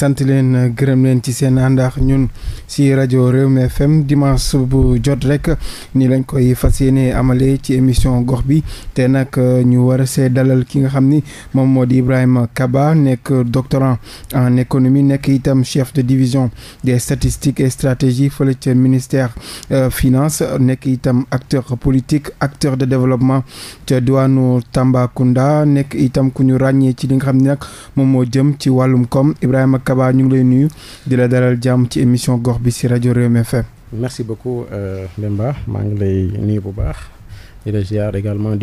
sant leen gërëm leen ci seen àndaax ñun si rajo Rewmi FM dimanche bu jot rek ni lañ koy fas yéene amale ci émission gox bi te nag ñu war a see dalal ki nga xam ni moom moo di Ibrahima Kaba nekk doctorant en économie nekk itam chef de division des statistiques et stratégies fële ca ministère euh, finance nekk itam acteur politique acteur de développement ca diwaanu Tambacounda nekk itam ku ñu ràññee ci li nga xam ni nag moom moo jëm ci wàllum koom Ibrahima Kaba ñu ngi di la dalal jàmm ci émission gox bi si rajo Rewmi FM. merci beaucoup euh, Mbemba maa ngi lay nuyu bu baax di la ziar également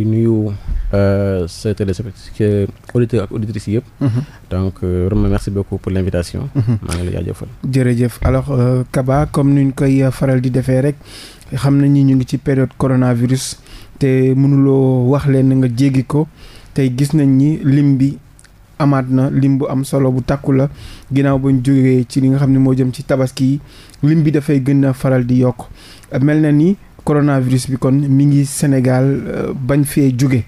euh, sa téléspectateur auditeurs ak auditrices yëpp. Mhm. donc euh, vraiment merci beaucoup pour l' invitation. Mhm. maa ngi lay jaajëfal. jërëjëf alors Kaba comme ni ñu koy faral di defee rek xam nañu ñu ngi ci période coronavirus te mënuloo wax leen nga jéggi ko tey gis nañ lim bi. amaat na lim bu am solo bu takku la ginnaaw buñ jógee ci li nga xam ne moo jëm ci tabaski yi lim bi dafay gën a faral di yokk mel na ni coronavirus bi kon mi ngi Sénégal euh, bañ fee jóge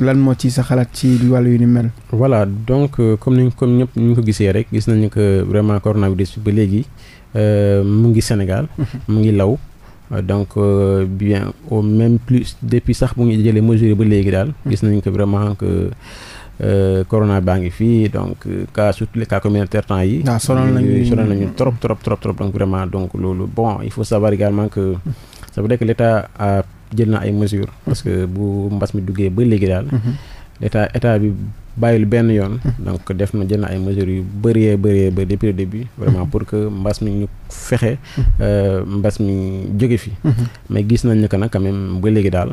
lan moo ci sa xalaat ci wàllu yu ni mel. voilà donc euh, comme ni comme ñëpp ñu ko gisee rek gis nañu que vraiment coronavirus bi ba léegi euh, mu ngi Sénégal. Mhm. mu ngi law. donc bien au même plus depuis sax mu ngi jëlee mesure ba léegi daal. Mhm. gis nañ ko vraiment que Euh, corona baa ngi fii donc euh, cas surtout les cas communautaires temps yi ah, sonal nañu euh, sonal trop trop trop trop donc vraiment donc loolu bon il faut savoir également que ça veut dire que l'état a jël na ay mesures parce que bu mbas mi duggee ba léegi daal mhm. l'état état bi bàyyil benn yoon mhm. donc def na jël na ay mesures yu bëree bëree ba depuis le début vraiment mhm. pour que mbas mi ñu fexe mbas mi jóge fi mais gis nañ ne que nag quand ba léegi daal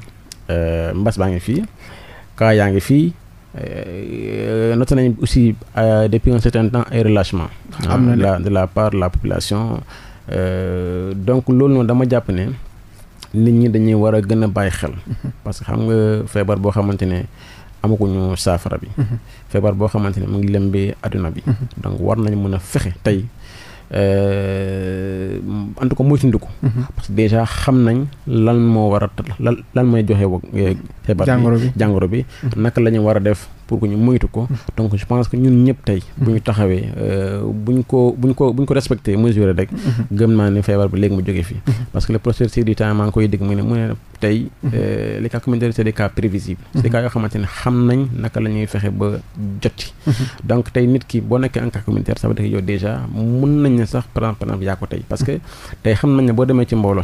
mbas baa ngi fii cas yaa ngi fii Euh, noté nañ aussi euh, depuis un certain temps ay relâchement am na de la part la population euh, donc loolu noonu dama jàpp ne nit ñi dañuy war a gën a bàyyi xel mm-hmm. parce que xam nga feebar boo xamante ne amakuñu saafara bi mm-hmm. feebar boo xamante ne mu ngi bi àdduna mm-hmm. bi donc war nañ mën a fexe tey Euh, en tout cas moytandiku. Mhm. parce que déjà xam nañ lan moo war a lan lan mooy joxe. Eh, feebar bi jàngoro bi jàngoro bi. Mhm. naka la ñu war a def pour que ñu moytu ko donc je pense que ñun ñëpp tey bu ñu taxawee euh, buñ ko buñ ko buñ ko respecté mesure rek gëm naa ne feebar bi léegi mu jógee fii parce que le processus du temps koy dégg mu ne mu ne tey euh, les cas communautaires c'est des cas prévisibles c'est yoo xamante ne xam nañ naka la ñuy fexe ba jot ci donc tey nit ki boo nekkee en cas communautaire ça veut dire yow déjà mun nañ ne sax par exemple yaa ko tey parce que tey xam nañ ne boo demee ci mbooloo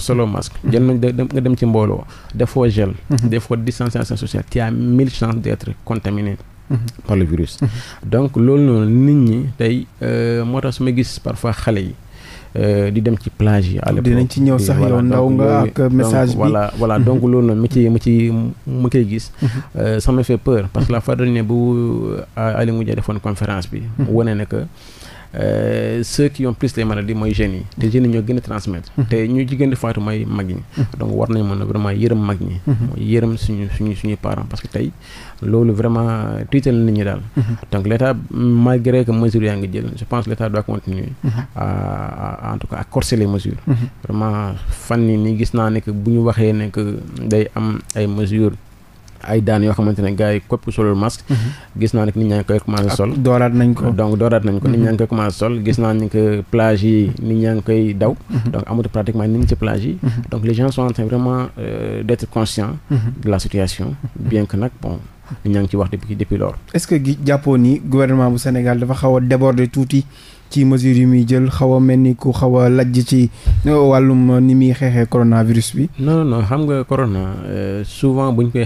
par le virus. donc loolu noonu nit ñi tey euh, moo tax su ma gis parfois xale yi. Euh, di dem ci plage yi. à l'époque dinañ ci ñëw sax yow ndaw nga ak message bi voilà donc mhm. loolu noonu mu ci mu ci mu koy gis. Mhm. Euh, ça me fait peur parce que la mhm. fois dañu ne bu Aliou Ngoudia defoon conférence bi. wane na Euh, ceux qui ont plus les maladies mooy jeunes yi te jeunes yi ñoo gën a transmettre mm-hmm. te ñu ci gën di faatu mooy mag ñi mm-hmm. donc war nañ mën a vraiment yërëm mag ñi mm-hmm. mooy yërëm suñu suñu suñuy parents parce que tey loolu vraiment tiital nit daal donc l' malgré que mesures yaa ngi jël je pense l' état doit continuer à en tout cas à corser vraiment fan yi nii gis naa ne bu ñu waxee ne que day am ay mesures ay daan yoo xamante ne gars yi képp mhm. gis naa ne nit ñaa ngi koy commencé sol dooraat nañ ko donc dooraat nañ ko nit ñaa ngi koy mhm. commencé sol gis naa ni que plage yi nit ñaa ngi koy daw mhm. donc amatu pratiquement nit ñi ci plage yi donc les gens sont en train vraiment euh, d' de la situation bien que nag bon ñaa ngi ci wax depuis depuis lors est-ce que gi jàppoon ni gouvernement bu Sénégal dafa xaw a tuuti ci mesures yi muy jël xaw a mel ni ku xaw a lajj ci euh, wàllum euh, ni muy xeexee coronavirus bi. non non non xam nga corona souvent bu ñu koy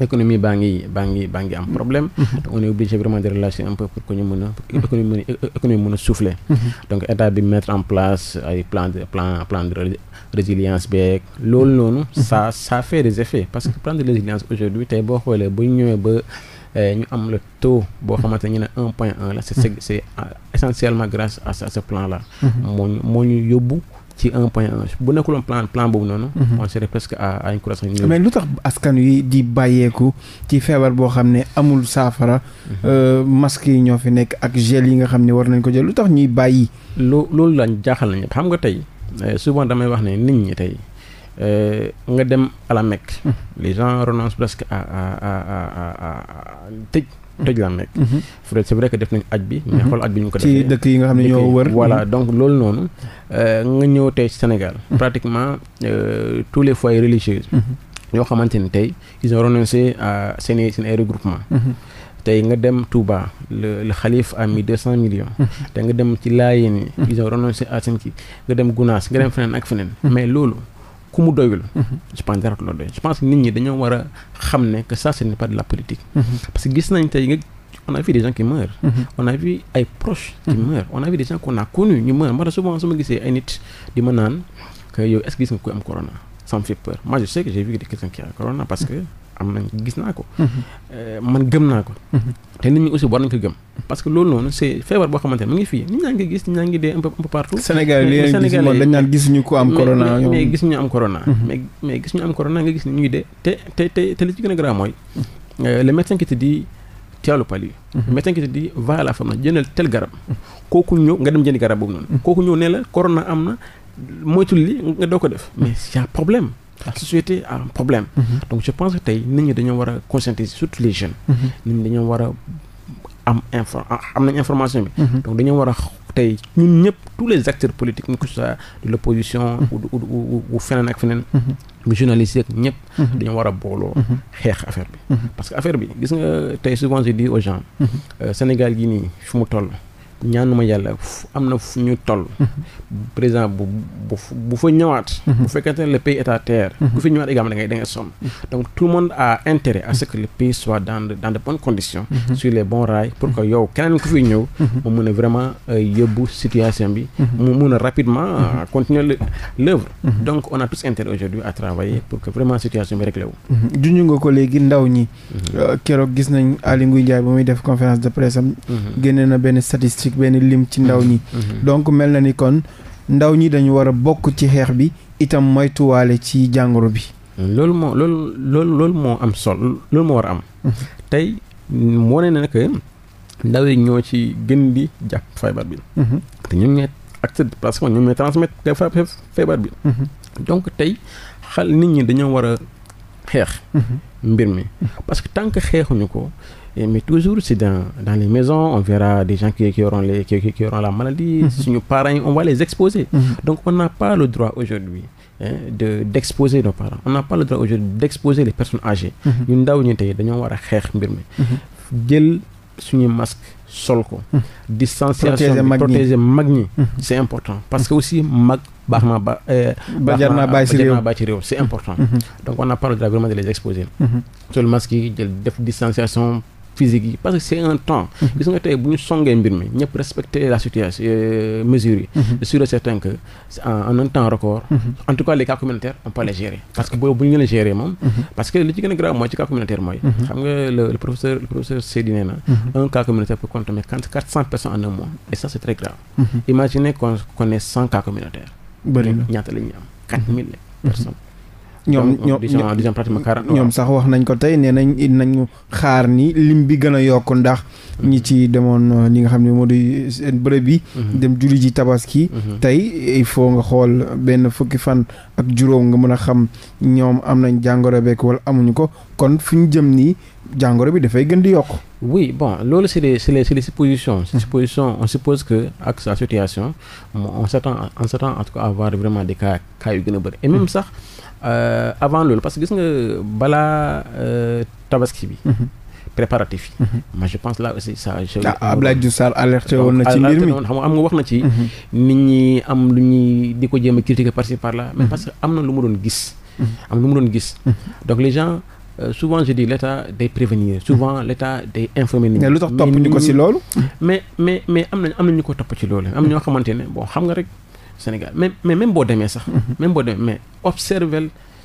économie baa ngi baa ngi baa ngi am mm-hmm. problème mm-hmm. donc on est de relâcher pour que ñu mën a économie mën a économie mm-hmm. donc état bi mettre en place ay plan de plan plan de résilience beeg loolu noonu ça ça fait des effets parce que plan de résilience aujourd'hui tey boo xoolee bu ñëwee ba eh, ñu am le taux boo xamante ñu ne un point un la c'est c'est essentiellement grâce à ce plan là moo ñu yóbbu ci un point un bu nekkuloon plan plan boobu noonu. on serait presque à à une croissance lu tax askan wi di bàyyeeku ci feebar boo xam ne amul saafara. masques yi ñoo fi nekk ak gel yi nga xam ne war nañ ko jël lu tax ñuy bàyyi. loo loolu lañ jaaxal nañu xam nga tey souvent damay wax ne nit ñi tey nga dem à la Mecque. les gens renoncent presque à à à à à tëj. tëj la nekk. Mhm. fure c'est vrai def nañu aj bi. mais mhm. xool aj bi ñu ko defee ci dëkk yi nga xam ne ñoo wër. voilà mhm. donc loolu noonu euh, nga ñëw tey Sénégal. pratiquement euh, tous les foyers religieux. ñoo xamante ni tey ils ont renoncé seen i ay regroupement tey nga dem Touba le le xalif a mis deux cent millions. te nga dem ci Laayeen yi. ils ont renoncé à seen kii nga dem Gunaas nga dem feneen ak feneen. mais loolu. ku mu doyul. Mhm. je pense dara doy je pense nit ñi dañoo war a xam ne que ça ce mhm. parce que gis nañ tey nga on a vu des qui meurent. Mhm. on a ay proches. qui meurent on a vu des gens qu'on ñu meurent man souvent su ma gisee ay nit di ma naan yow est gis nga ku am corona ça fait peur moi je sais que j'ai vu quelqu'un qui a corona parce que. am nañ gis naa ko. Mhm. Euh, man gëm naa ko. Mhm. te nit ñi aussi war nañ ko gëm. parce que loolu noonu c'est feebar boo xamante mu ngi fii nit ñaa ngi gis ñaa ngi dee un peu un peu partout. Sénégal li ngeen gis dañ naan gis ñu ko am. corona mais gis ñu am corona. mais mais gis ñu am corona nga gis ni ñuy dee te te te te li ci gën a grave mooy. Mhm. Euh, le médecin qui yi médecin di te dit va à la pharmacie tel garab. kooku ñëw nga dem jëndi garab boobu noonu. kooku ñëw ne la corona am na moytul li doo ko def mais y problème la société a un problème mhm. donc je pense que tey nit ñi dañoo war a conscientiser surtout les jeunes mhm. nit dañoo war am information bi mhm. donc dañoo war a tey ñun ñëpp tous les acteurs politiques que ce soit de l'opposition ou feneen ak feneen mu journaliste yeeg ñëpp dañoo war a booloo xeex affaire bi parce que affaire bi gis nga tey souvent je dis aux euh, Sénégal gi nii fi mu toll ma yàlla am na fu ñu toll. Mhm. président bu bu bu fa ñëwaat. Mhm. bu fekkente ne le pays est à terre. Mhm. bu fa ñëwaat également da ngay da ngay sonn. donc tout le monde a intérêt a ce que le pays soit dans de dans de bonnes conditions. sur les bons rails pour que yow keneen ku fi ñëw. mu mun a vraiment euh, yóbbu situation bi. mu mun a rapidement euh, continuer l'œuvre. donc on a tous intérêt aujourd'hui à travailler pour que vraiment situation bi réglé wu. nga ko léegi ndaw ñi. Euh, keroog gis nañ statistique benn lim ci ndaw ñi mhm. Mhm. donc mel na ni kon ndaw ñi dañu war a bokk ci xeex bi itam moytuwaale ci jàngoro bi loolu moo loolu moo am sol loolu moo war a am mhm. tey wane na que ndaw yi ñoo ci gën bi jàpp feebar bi te ñoom ñooy accès de placement ñoom ñooy transmettre de feebar bi donc tey xal nit ñi dañoo war a xeex mbir mi parce que tant que xeexuñu ko Et, mais toujours, c'est dans, dans, les maisons, on verra des gens qui, qui auront, les, qui, qui auront la maladie, mm -hmm. si nos parents, on va les exposer. Mm -hmm. Donc, on n'a pas le droit aujourd'hui hein, d'exposer de, nos parents. On n'a pas le droit aujourd'hui d'exposer les personnes mhm. mhm. suñu masque sol mhm. distanciation protéger mag c'est important parce que aussi mag baax na ba euh, ba jar c'est important donc on n'a pas le droit vraiment de les exposer sol masque distanciation physique yi parce que c'est un temps mhm. gis nga tey bu ñu songee mbir mi ñëpp respecter la situation euh, mesures yi mhm. je suis que en un temps record mhm. en tout cas les cas a communautaire mooy xam nga le professeur le na un cas communautaire peut contaminer quatre cent personnes en un mois et ça c'est très grave imaginez qu'on connaît cent cas communautaires am quatre mille personnes ñoom ñoom disons pratiquement quarante ñoom sax wax nañ ko tey nee nañ nañu xaar ni lim bi gën a yokk ndax mhm. ñi ci demoon euh, li nga xam ne moo di seen bërëb bi mhm. dem julli ji tabaski mhm. tey il faut nga xool benn fukki fan ak juróom nga mën a xam ñoom am nañu jàngoro beek wala amuñu ko kon fu ñu jëm nii jàngoro bi dafay gën di yokk loolu c'est des c'est les c'est les suppositions c'est supposition on suppose que ak sa situation on s'attend on en tout cas à avoir vraiment des cas cas yu gën a bëri et même sax Euh, avant loolu parce que gis nga balaa euh, tabaski bi. Mhm. préparatif yi. mais mhm. je pense là aussi ça. je ah, Abdoulaye Diouf Sarr alerté woon na ci mbir mi xam nga am wax na ci. Mhm. nit ñi am lu ñuy di ko jéem a critiquer par ci par là. mais parce que am na lu mu doon gis. am lu mu doon gis. donc les gens euh, souvent je de l'état day prévenir souvent l'état day informer nit mais lu tax topp ñu ko ci loolu. mais mais mais am nañu am nañu ko topp ci loolu. am ñoo xamante ne bon xam nga rek. Sénégal mais mais même boo demee sax. Mhm. même boo dem mais observel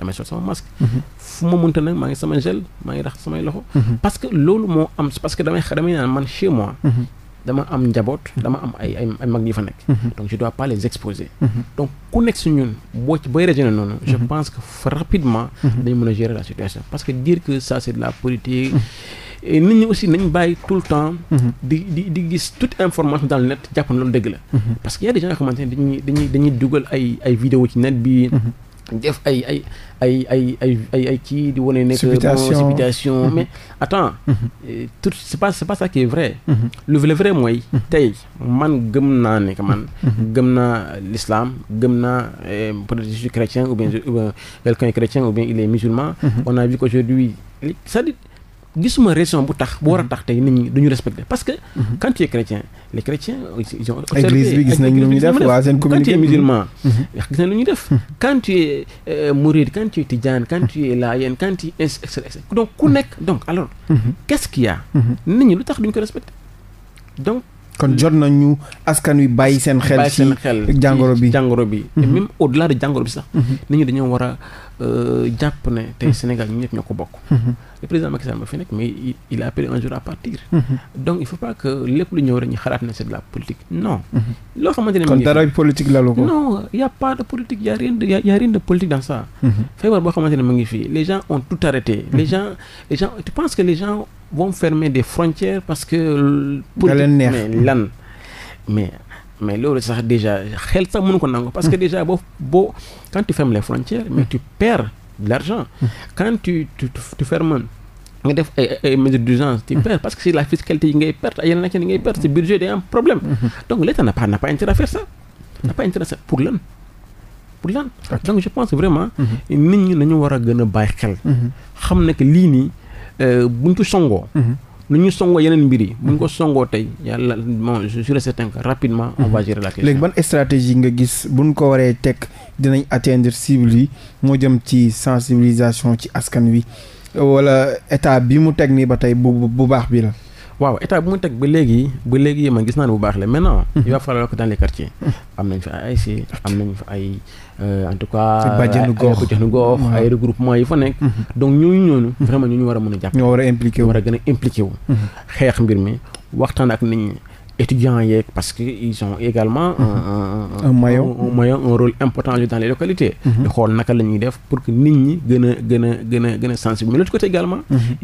damay sol sama masque. Mhm. fu ma mënta nag maa ngi sama gel maa ngi rax samay loxo. Mhm. parce que loolu moo am parce que damay damay naan man chez moi. Mhm. dama am njaboot dama am ay mag yi fa nekk. donc je dois pas a parce que dire que ça c'est de la politique. nit ñi aussi nañ bàyyi tout le temps. di di gis toute information dans le net jàpp na loolu dëgg la. parce que y a des gens yoo ne dañuy dañuy dugal ay ay ci net bi. def ay ay ay ay ay ay kii di wane nekk subitation mhm. mais attends mhm. euh, tout c'est pas c'est pas ça qui est vrai lu mhm. vle vrai mooy tey man gëm naa ne que man gëm naa l'islam gëm naa euh, peut-être je suis chrétien ou bien quelqu'un est chrétien ou bien il est musulman on a vu qu'aujourd'hui gisuma raison bu tax bu war a mhm. tax tey nit ñi duñu respecté parce que. Mhm. quand tu es chrétien les chrétiens ils ont. église bi gis nañu lu def waa seen communiqué. musulman. gis nañu def. quand tu es mhm. euh, mouride quand tu es tijaan laayeen quand tu donc ku nekk donc alors. qu'est-ce qu'il nit ñi lu tax duñu ko respecté donc. kon jot nañu askan wi bàyyi seen xel. bàyyi seen xel ci jàngoro bi jàngoro bi. te mhm. même au delà de jàngoro bi sax. Mhm. nit ñi dañoo war a euh, jàpp ne tey mhm. Sénégal ñun ñëpp ñoo ko bokk. le président Macky Sall ma fi nekk mais il a appelé à partir. donc il faut pas que lépp lu ñëw rek ñu xalaat ne c'est de la politique loo xamante ne a a a mu ngi fii les gens ont tout arrêté. les gens les gens tu penses que les gens. vont fermer des frontières parce que. pour mais lan mais. mais loolu sax déjà xel sax mënu ko nangu. parce que déjà boo boo quand tu fermes les frontières. mais tu perds de l'argent. quand nga def ay ay mesures d'urgence tu parce que la fiscalité yi ngay perte ay yeneen ak yeneen ngay perte si budget day am problème. pour lan pour lan. donc je pense vraiment. Mhm. nit ñi nañu war a gën a bàyyi xel. Mhm. xam na que lii nii. Euh, buñ ko songoo. Mhm. nu ñu songoo yeneen mbir yi mhm. buñ ko songoo tey yàlla bon je rapidement. on va mhm. gérer léegi ban stratégie nga gis buñ ko waree teg dinañ atteindre cible yi moo jëm ci sensibilisation ci askan wi wala état bi mu teg nii ba tey bu bu baax bi la. waaw état bu mu teg ba léegi ba léegi man gis naan bu baax la maintenant. Mhm. il va falloir a dans les quartiers. Mhm. am nañ fa ay ASC am nañ fa ay euh, en tout cas. bàjjenu gox ay bàjjenu gox ay regroupement yi fa nekk. Mhm. donc ñooñu ñooñu. vraiment ñu ñu war a mën a jàpp. ñoo war a impliqué war a gën a impliqué wu. xeex mbir mi waxtaan ak nit ñi. étudiants yeeg parce que ils ont également. un mhm. un maillon un maillon un rôle important dans les localités. Mhm. di xool naka la ñuy def pour que nit ñi gën a a a a sensible mais mhm.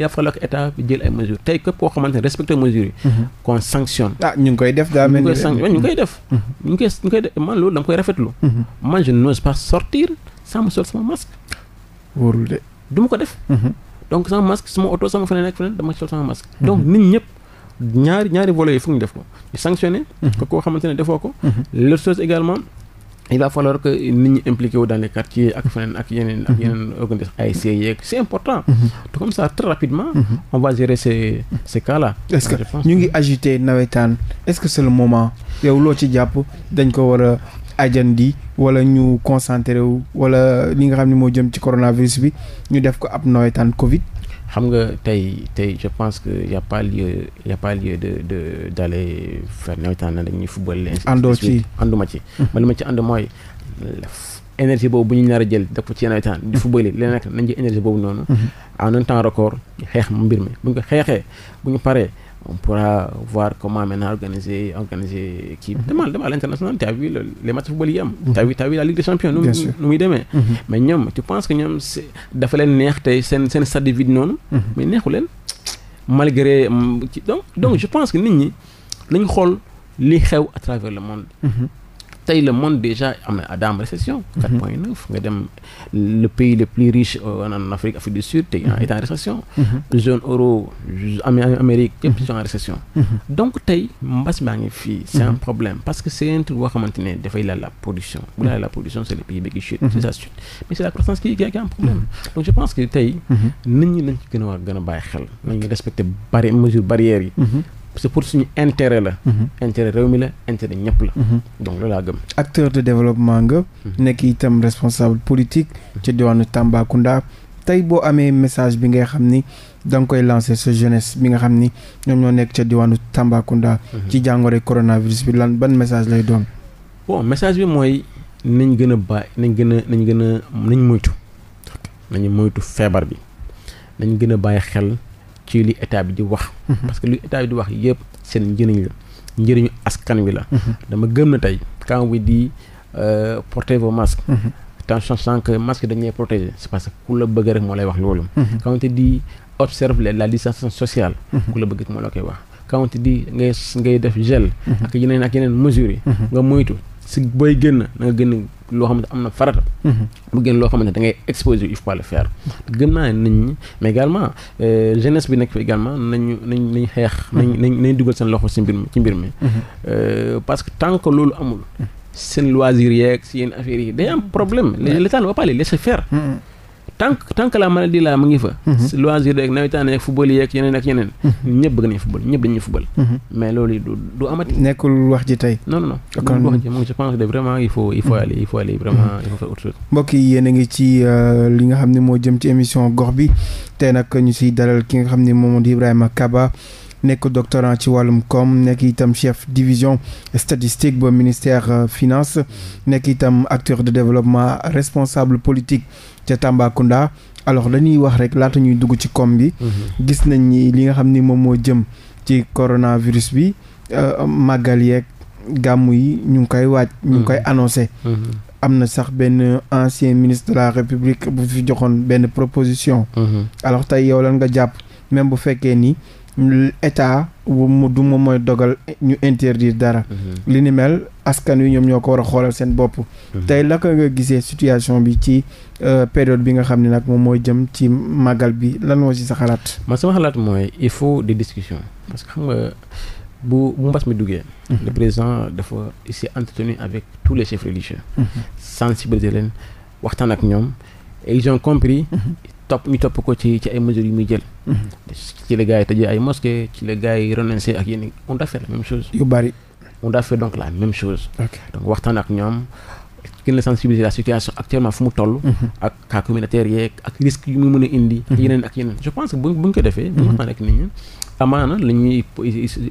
a ah, loolu dama koy rafetlu. man je n'ose pas sortir sans sol sama masque. wóorul ko def. donc sama masque sama oto sama feneen ak feneen dama sol sama masque. donc nit ñëpp. ñaari ñaari vole yi foog ñu def ko ñu sanctionné mhm. ko koo xamante ne defoo ko mhm. l'autre chose également il va falloir que nit ñi impliqué wu dans les quartiers ak feneen ak yeneen ak mhm. yeneen organisation ASC yeeg c' est important tout comme ça très rapidement on va gérer ces est-ce que ñu ngi agité nawetaan est-ce que le moment yow loo ci jàpp dañ ko war a ajandi wala ñu concentré wu wala li nga xam ne moo jëm ci coronavirus bi ñu def ko ab nawetaan covid xam nga tey tey je pense que y' a pas lieu y' lieu de de d' aller faire nawetaan na dañuy football. àndoo ci ànduma ci. Hmm. man ma ci ànd mooy énergie boobu bu ñu nar a jël def ko ci nawetaan di hmm. football yi leneen nag nañ jël énergie boobu noonu. Hmm. en un temps record xeex mbir mi bu ko xeexee bu ñu paree. on pourra voir comment maintenant organiser organiser kii mhm. demal demal à l'international t'as vu les matchs football yi am mhm. t'as vu t'as vu nu muy demee mhm. mais ñoom tu penses que ñoom dafa leen neex tey seen seen stade vide noonu mais neexu leen malgré mm, donc donc je pense que nit ñi lañ xool li xew à travers le monde tey le monde déjà am ah, na ada am récession 4 mhm. point 9 nga dem le pays le plus riche euh, en Afrique Afrique du Sud tey mhm. est mhm. en récession zone euro Amérique donc tey mbas maa ngi fii c'est un problème parce que c'est un xamante ne dafay laal la production bu laal la production c'est le pays bi qui chute c'est ça chute mais c'est la croissance qui qui a un problème donc je pense que tey nit ñi nañ ci gën a war gën a bàyyi xel nañ respecter barri mesure barrières parce que pour suñu intérêt la. Mhm. intérêt réew mi la intérêt ñëpp la. Mhm. donc loolu laa gëm. acteur de développement nga. Mhm. nekk itam responsable politique. ci diwaanu Tambacounda. tey boo amee message bi ngay xam ni da koy lancer sa jeunesse bi nga xam ni ñoom ñoo nekk ca diwaanu Tambacounda. ci jàngoro coronavirus bi lan ban message lay doon. bon message bi mooy nañ gën a bàyyi nañ gën a nañ gën a nañ moytu. nañ moytu feebar bi nañ gën a bàyyi xel ci li état bi di wax. Mhm. parce que li bi di wax yëpp seen njëriñ la njëriñu askan wi la. Mhm. dama gëm na tey quand bi di euh, porter vos masques. Mhm. tant sachant que masque dañu lay protéger c'est parce que ku la bëgg rek moo lay wax loolu. quand te dit observe la distanciation sociale. ku la bëgg rek moo la koy wax. quand te dit ngay ngay def gel. ak yeneen ak yeneen mesures nga moytu. si booy génn na nga génn loo xamante am na farata. bu mhm. génn loo xamante da ngay exposé il faut pas le faire. gëm naa nit ñi mais également euh, jeunesse bi nekk fi également nañu nañ nañ xeex. Mhm. nañ nañ nañ seen loxo si mbir mi ci mbir mi. Mhm. Euh, parce que tant loolu amul. seen loisir yeeg si yenn affaires yi day am problème l'état ne va pas les laisser faire. tant que tant que la maladie la mu ngi fa. Mhm. loisir rek nawetaan yeeg football yeeg yeneen ak yeneen. Mhm. ñëpp bëgg nañu football ñëpp dañuy football. Mhm. mais loolu du amati. nekkul wax ji tey. non non non kon wax ji moom je pense que vraiment yi yéen ngi ci euh, li nga xam ne moo jëm ci émission gox bi tey nag ñu siy dalal ki nga xam ne moom di Ibrahima Kaba. nekk doctorant ci wàllum koom nekk itam chef division statistique ba ministère euh, finance nekk itam acteur de développement responsable politique ca Tambacounda alors dañuy wax rek laata ñuy dugg ci koom bi. Mhm. gis nañ ni li nga xam ni moom moo jëm ci coronavirus bi euh, màggal yeeg gàmmu yi ñu ngi koy waaj. ñu ngi mhm. koy annoncé. Mhm. am na sax benn ancien ministre la république bu fi joxoon benn proposition. alors tey yow lan nga jàpp même bu fekkee ni état du moom mooy dogal ñu interdire dara. li ni mel askan wi ñoom ñoo ko war a xoolal seen bopp. Mhm. tey naka nga gisee situation bi ci euh, période bi nga xam ne nag moom mooy jëm ci màggal bi lan moo sa xalaat. man sama xalaat mooy il faut des discussions parce que xam nga bu bu mbas mi duggee. Mhm. le président dafa s'est entretenu avec tous les chefs religieux. Mhm. sensibiliser leen waxtaan ak ñoom et ils ont compris. topp ñu topp ko ci ci ay mesures yu muy jël. ci la gars yi tëjee ay mosquées ci la yi renoncé ak yéen on a fait la même chose. yu bari. on doit faire donc la même chose. waxtaan ak ñoom gën la sensibiliser la situation actuellement fu mu toll. Mhm. ak cas communautaire yeeg ak risque yu mu mën a indi. Mhm. yeneen ak yeneen je pense que bu bu ñu ko defee. bu ñu waxtaan ak nit amaana la ñuy.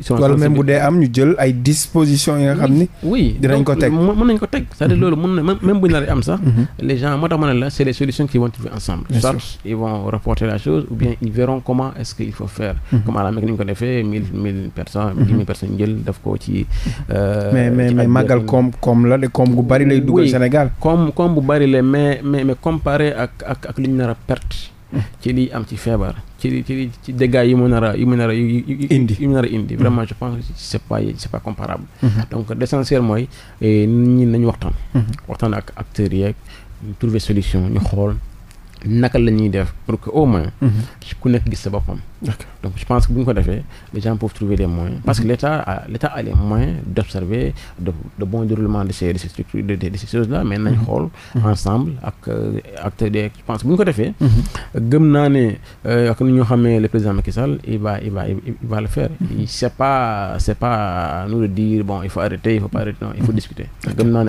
wala même bu dee am ñu jël ay dispositions yi nga xam ni. oui dinañ ko teg mën nañ ko teg. c'est-à-dire mhm. loolu mën na même bu ñu la am sax. Mhm. les gens moo tax ma ne la c'est des solutions qui vont trouver ensemble. bien sûr soit ils vont reporter la chose ou bien ils verront comment est-ce qu'il faut faire. Mhm. comme alhamdulilah ni ñu ko defee mille mille personnes. dix mille personnes jël daf ko ci. Euh, mais mais mais màggal koom koom la de koom gu bari lay dugal Sénégal. koom koom bu bari la mais mais mais comparé ak ak ak li ñu nar a perte. ci liy am ci feebar. ci ci ci dégâts yi mu nar a yi mu nar a indi yi a indi mm-hmm. vraiment je pense que c'est pas c'est pas comparable mm-hmm. donc l'essentiel mooy eh, nit nañu waxtaan mm-hmm. waxtaan ak acteurs yeeg trouver solution ñu xool naka la def pour que au moins ku nekk gis sa boppam donc je pense que bu ñu ko defee les gens peuvent trouver des moyens parce que mhm. l'état a a moyens d'observer de bon déroulement de ces de ces structures mais nañ mhm. xool mhm. ensemble ak euh, acteurs des je pense bu ñu ko defee gëm naa ne ak euh, ni ñoo xamee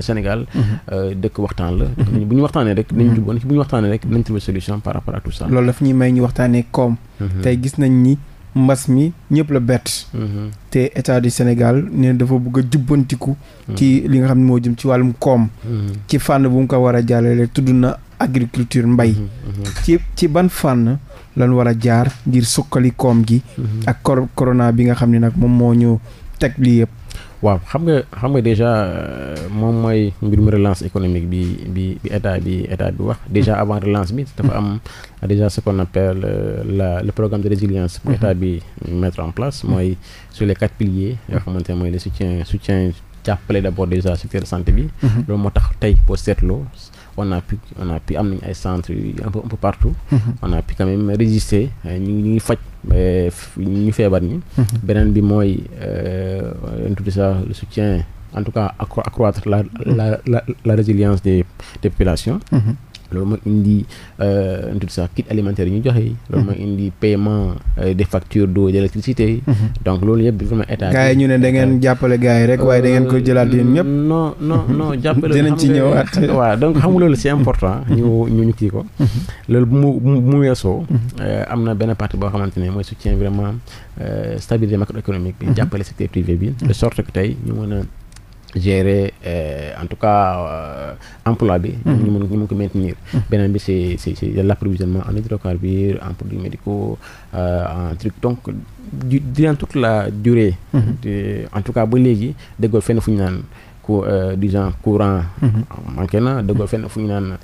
Sénégal euh, dëkk waxtaan la bu ñu waxtaanee rek nañ juboon bu ñu waxtaanee rek nañ trouver solution par rapport à tout ça loolu daf ñuy may ñu waxtaanee koom tey gis na nañ ni mbas mi ñëpp la bett. Mhm. te état du Sénégal ne dafa bëgg a jubbantiku. ci mhm. li nga xam ne moo jëm ci wàllum koom. Mhm. ci fànn bu mu ko war a jàllale tudd na agriculture mbay. ci ci ban fànn lan war a jaar ngir sukkali koom gi. ak corona bi nga xam ne nag moom moo ñu teg lii yëpp. waaw xam nga xam nga déjà euh, moom mooy mbir mbirum relance économique bi bi bi état bi état bi wax déjà avant relance bi dafa am déjà ce qu'on appelle euh, la le programme de résilience pour mhm. état bi mettre en place mooy sur les quatre piliers yoo xamante mooy le soutien soutien jàppale d'abord déjà secteur santé bi mhm. loolu moo tax tey boo seetloo on a pu on a pu am ay centres yu un peu un peu partout. Mhm. on a quand même résister euh, ñu ngi ñu ngi faj ñu feebar ñi. Mhm. beneen bi mooy euh, on tuddee ça le soutien en tout cas accroître la la la la résilience des des loolu mooy indi euh, nu tudd sax kit alimentaire yi ñu joxe. loolu hmm. mooy indi paiement euh, des factures d'eau d'électricité. Hmm. donc loolu yëpp vraiment état. gars ñu ne da ngeen euh, jàppale gars yi rek waaye da ngeen ko jëlaat yéen ñëpp. non non hmm. non jàppale. dinañ ci ñëwaat waaw donc important. ñu ñu kii ko. loolu bu mu bu mu weesoo. am na benn partie boo xamante ne mooy soutien vraiment stabilité macroéconomique bi. jàppale secteur privé bi. de sorte tey ñu mën a. gérer euh, en tout cas euh, emploi bi. Mhm. ñu mun ñu mun ko maintenir. Mhm. beneen bi c'est c'est la l'approvisionnement en hydrocarbures en produits médicaux euh, en truc donc durant toute la durée. Mhm. en tout cas ba léegi déggoo fenn fu ñu naan. cou euh, disons courant. Mhm. Ah, manqué na dëggoo fenn fu ñu euh,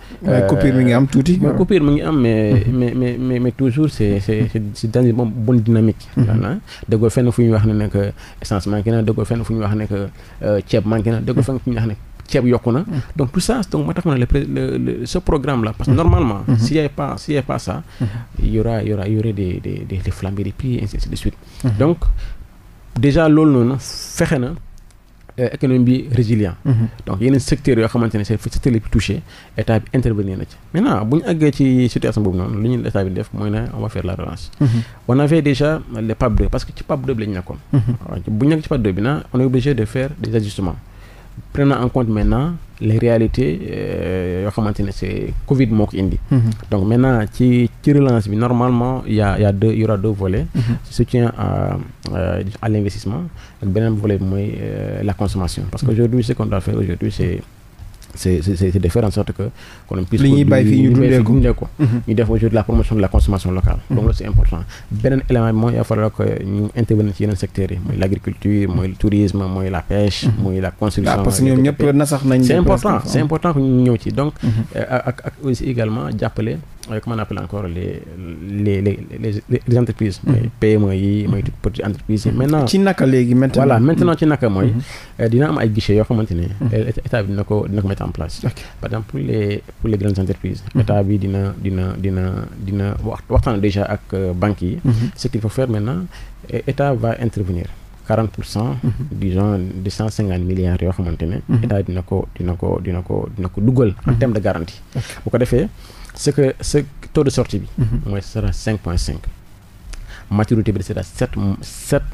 ngi am tuuti. mais coupure mi ngi am mais fu ñu wax ne que essence manqué na dëggoo fenn fu ñu wax ne que euh, fenn fu ñu wax ne. ceeb yokku na mhm. donc tout ça donc moo tax ma ne le ce programme là parce que mhm. normalement mm -hmm. s'il y a pas s'il y a pas ça mm -hmm. de suite mm -hmm. donc déjà loolu noonu fexe na Euh, économie bi résilient mhm. donc yeneen secteurs yoo xamante ne c'est secteur la état bi intervenir na ci maintenant bu ñu àggee ci situation boobu noonu li ñu état bi def mooy ne on va faire la relance mhm. on avait déjà les PAP 2 parce que ci PAP 2 bi la ñu nekkoon mhm. bu ñu nekk ci PAP 2 bi na on est de faire des ajustements prenant en compte maintenant les réalités euh, yoo xamante ne c'est Covid moo ko indi. Mhm. donc maintenant ci relance bi normalement il y a il y a deux il y aura mhm. euh, l'investissement ak beneen volet euh, la consommation. parce que mhm. aujourd'hui ce qu'on doit faire aujourd'hui c'est c'est c'est c'est en sorte que li ñuy bàyyi fii ñu dundee ko mhm. ñu def aujourd'hui la promotion de la consommation locale. Mhm. donc c'est important beneen élément mooy il va falloir que ñu intervenir ci yeneen secteurs yi mooy l'agriculture mooy le tourisme mooy la pêche. Mhm. mooy la construction waaw ah, parce nañ. c'est important c'est important que ñu ñëw ci donc. Euh, ak ak aussi jàppale. Euh, comment on appelle encore les les les les, les entreprises. Mhm. mooy PME yi mooy petite entreprise yi mhm. maintenant. ci naka léegi maintenant voilà maintenant ci naka mooy. Mhm. Euh, dina am ay guichets yoo xamante ne. Euh, état bi dina ko dina ko mettre en place. par exemple pour les pour les grandes entreprises. dina dina dina dina waxtaan déjà ak euh, banques yi. ce qu'il faut état va intervenir. 40 pour cent. disons de 150 milliards yoo xamante ne. dina ko dina ko dina ko dina ko dugal. en termes de garantie. bu ko defee. ce que ce taux de bi. Mhm. mooy sera cinq point cinq. maturité bi sera sept sept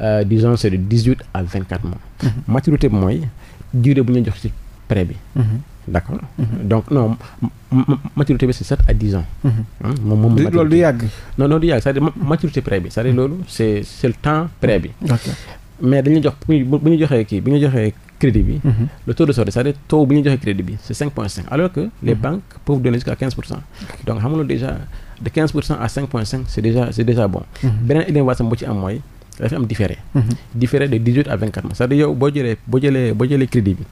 euh, disons c'est de dix huit à vingt quatre mois. Mhm. maturité bi mooy durée bu ñu jox ci prêt bi. Mhm. d'accord donc non maturité bi c'est sept à dix ans. moom moom maturité loolu du yàgg. non non du yàgg c'est-à-dire maturité prêt bi c'est-à-dire loolu c'est c'est le temps prêt bi. mais dañu jox bu ñu joxee kii bu ñu joxee crédit bi. Mhm. le taux de solde c'est-à-dire taux bu ñuy crédit bi c'est 5.5 alors que les mhm. banques peuvent donner jusqu'à 15 pour cent donc xam déjà de 15 pour cent à 5.5 c'est déjà c'est déjà bon. Mhm. beneen innovation boo mooy dafa am différé. différé de 18 à 24 mois c'est-à-dire boo jëlee boo jëlee crédit bi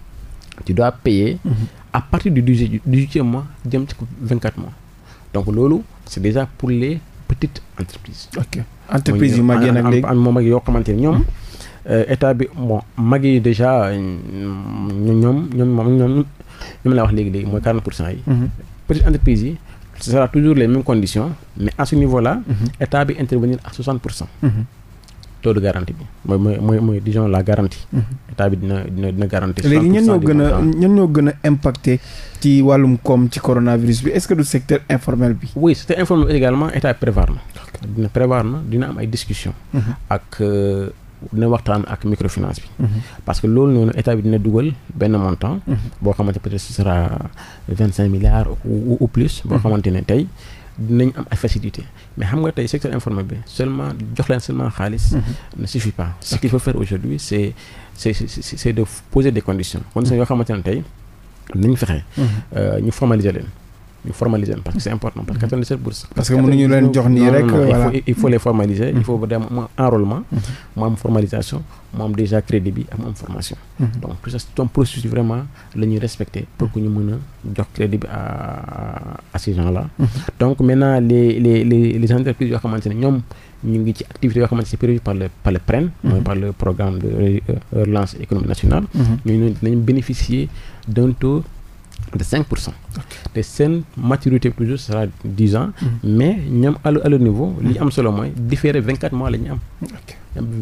tu dois payer. à partir du 18 18 yu mag nag léegi moom yoo xamante ñoom. Euh, état bi bon mag yi déjà ñoom ñoom moom ñoom laa wax léegi léegi mooy 40 pour cent yi. Mhm. petites entreprises yi ce sera toujours les mêmes conditions mais à ce niveau là. Mhm. état bi intervenir à 60 pour cent. Mhm. taux de bi mooy mooy mooy mooy disons la garantie. état bi dina dina dina garantie. léegi ñan ñoo gën a ñan ñoo gën a impacté ci wàllum koom ci coronavirus bi est-ce que du secteur informel bi. oui secteur informel également état prévoir na. dina prévoir na dina am ay discussions. Euh, dina waxtaan ak microfinance bi. Mhm. parce que loolu noonu état bi dina dugal benn montant. Mhm. boo xamante peut-être ce sera vingt cinq milliards ou ou plus. boo mhm. xamante ne tey dinañ am ay facilité mais xam nga tey secteur informel bi seulement jox leen seulement xaalis. ne suffit pas ce qu'il faut faire aujourd'hui c'est c'est c'est de poser des conditions. conditions yoo xamante ne tey nañ fexe. Euh, ñu formaliser leen. ñu formaliser leen parce que c'est important parce que 97 mhm. bourses. parce que mënuñu leen jox nii rek. il faut les formaliser. il mhm. faut ba am enrôlement. Mhm. mu am formalisation mu am déjà crédit bi am am formation. donc tout ça vraiment la ñuy respecter pour que ñu mën a jox crédit bi à à ces gens là. donc maintenant les les les les entreprises yoo xamante ne ñoom. ñu ngi ci activité yoo xamante ne c'est prévu par le par le PREN. mooy par le programme de euh, relance économique nationale. ñooñu bénéficier d'un de 5 pour cent. te seen maturité toujours sera 10 ans. Mm. mais ñoom à leur niveau. li mm. am solo mooy différé 24 mois la ñu am.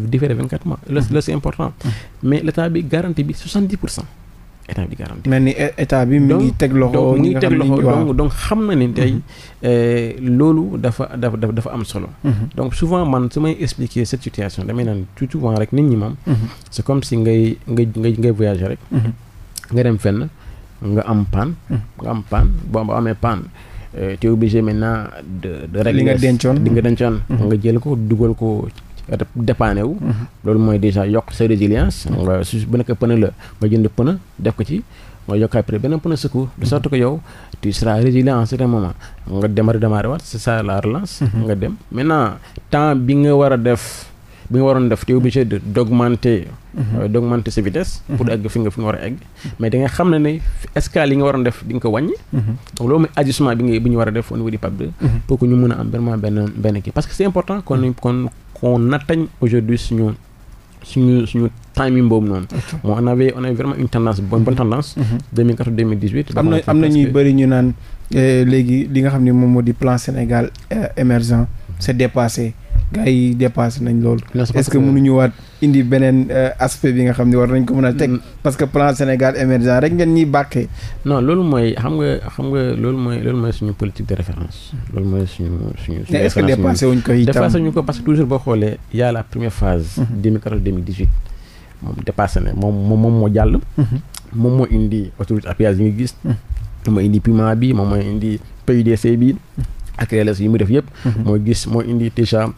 différé 24 mois. la mm. la c'est important. mais l'état bi garantie bi 70 pour cent. état bi garanti. mel ni état bi mi ngi teg loxo. mi donc xam na ni tey mm-hmm. eh, loolu dafa dafa dafa am solo. Mm-hmm. donc souvent man su may expliquer cette situation damay naan tout souvent rek nit ñi moom. Mm-hmm. c'est comme si ngay ngay ngay voyager rek. nga nga am panne. Hmm. nga am panne boo amee panne. Euh, tu es obligé maintenant de de. li nga dencoon li nga dencoon. Hmm. nga jël ko dugal ko dépanné wu. Hmm. loolu mooy déjà yokk sa résilience. nga su bu nekk a la nga jënd a def ko ci. nga yokk après beneen pneu secours. de sorte que yow tu seras résilient en certain moment. nga démarré démarré waat c'est ça la relance. nga dem maintenant temps bi nga war a def. bi nga waroon def tu es obligé de d'augmenter mhm. euh, d'augmenter sa vitesse pour mhm. egg fi nga fi war a egg mais da xam ne ne escale yi nga waroon def di nga ko wàññi mhm. donc loolu mooy ajustement bi nga bi ñu war a def au niveau du PAP 2 pour que ñu mën a am vraiment benn benn kii parce que c'est important qu'on qu'on qu'on atteigne aujourd'hui suñu suñu suñu timing boobu noonu. bon on avait on avait vraiment une tendance bonne tendance. am na am na ñuy bëri ñu naan eh, léegi li nga xam ne moom moo di plan Sénégal euh, émergent c'est dépassé. gars yi dépassé nañ loolu. est-ce que mënuñu waat indi beneen euh, aspect bi nga xam ne war nañ ko mën a teg. Mm. parce que plan Sénégal émergent rek ngeen ñiy bàkkee. non loolu mooy xam nga xam nga loolu mooy loolu mooy suñu politique de référence. loolu mooy suñu suñu. suñu est-ce que dépassé wuñ ko itam dépassé wuñ ko parce que toujours boo xoolee y a la première phase. 2014 mm-hmm. 2018 moom dépassé na moom moom moo jàll. Mm-hmm. moom moo indi autoroute à péage yi nga gis. moom mm-hmm. moo indi piment bi moom moo indi PUDC bi. ak LS yi mu def yëpp. moo gis moo indi déjà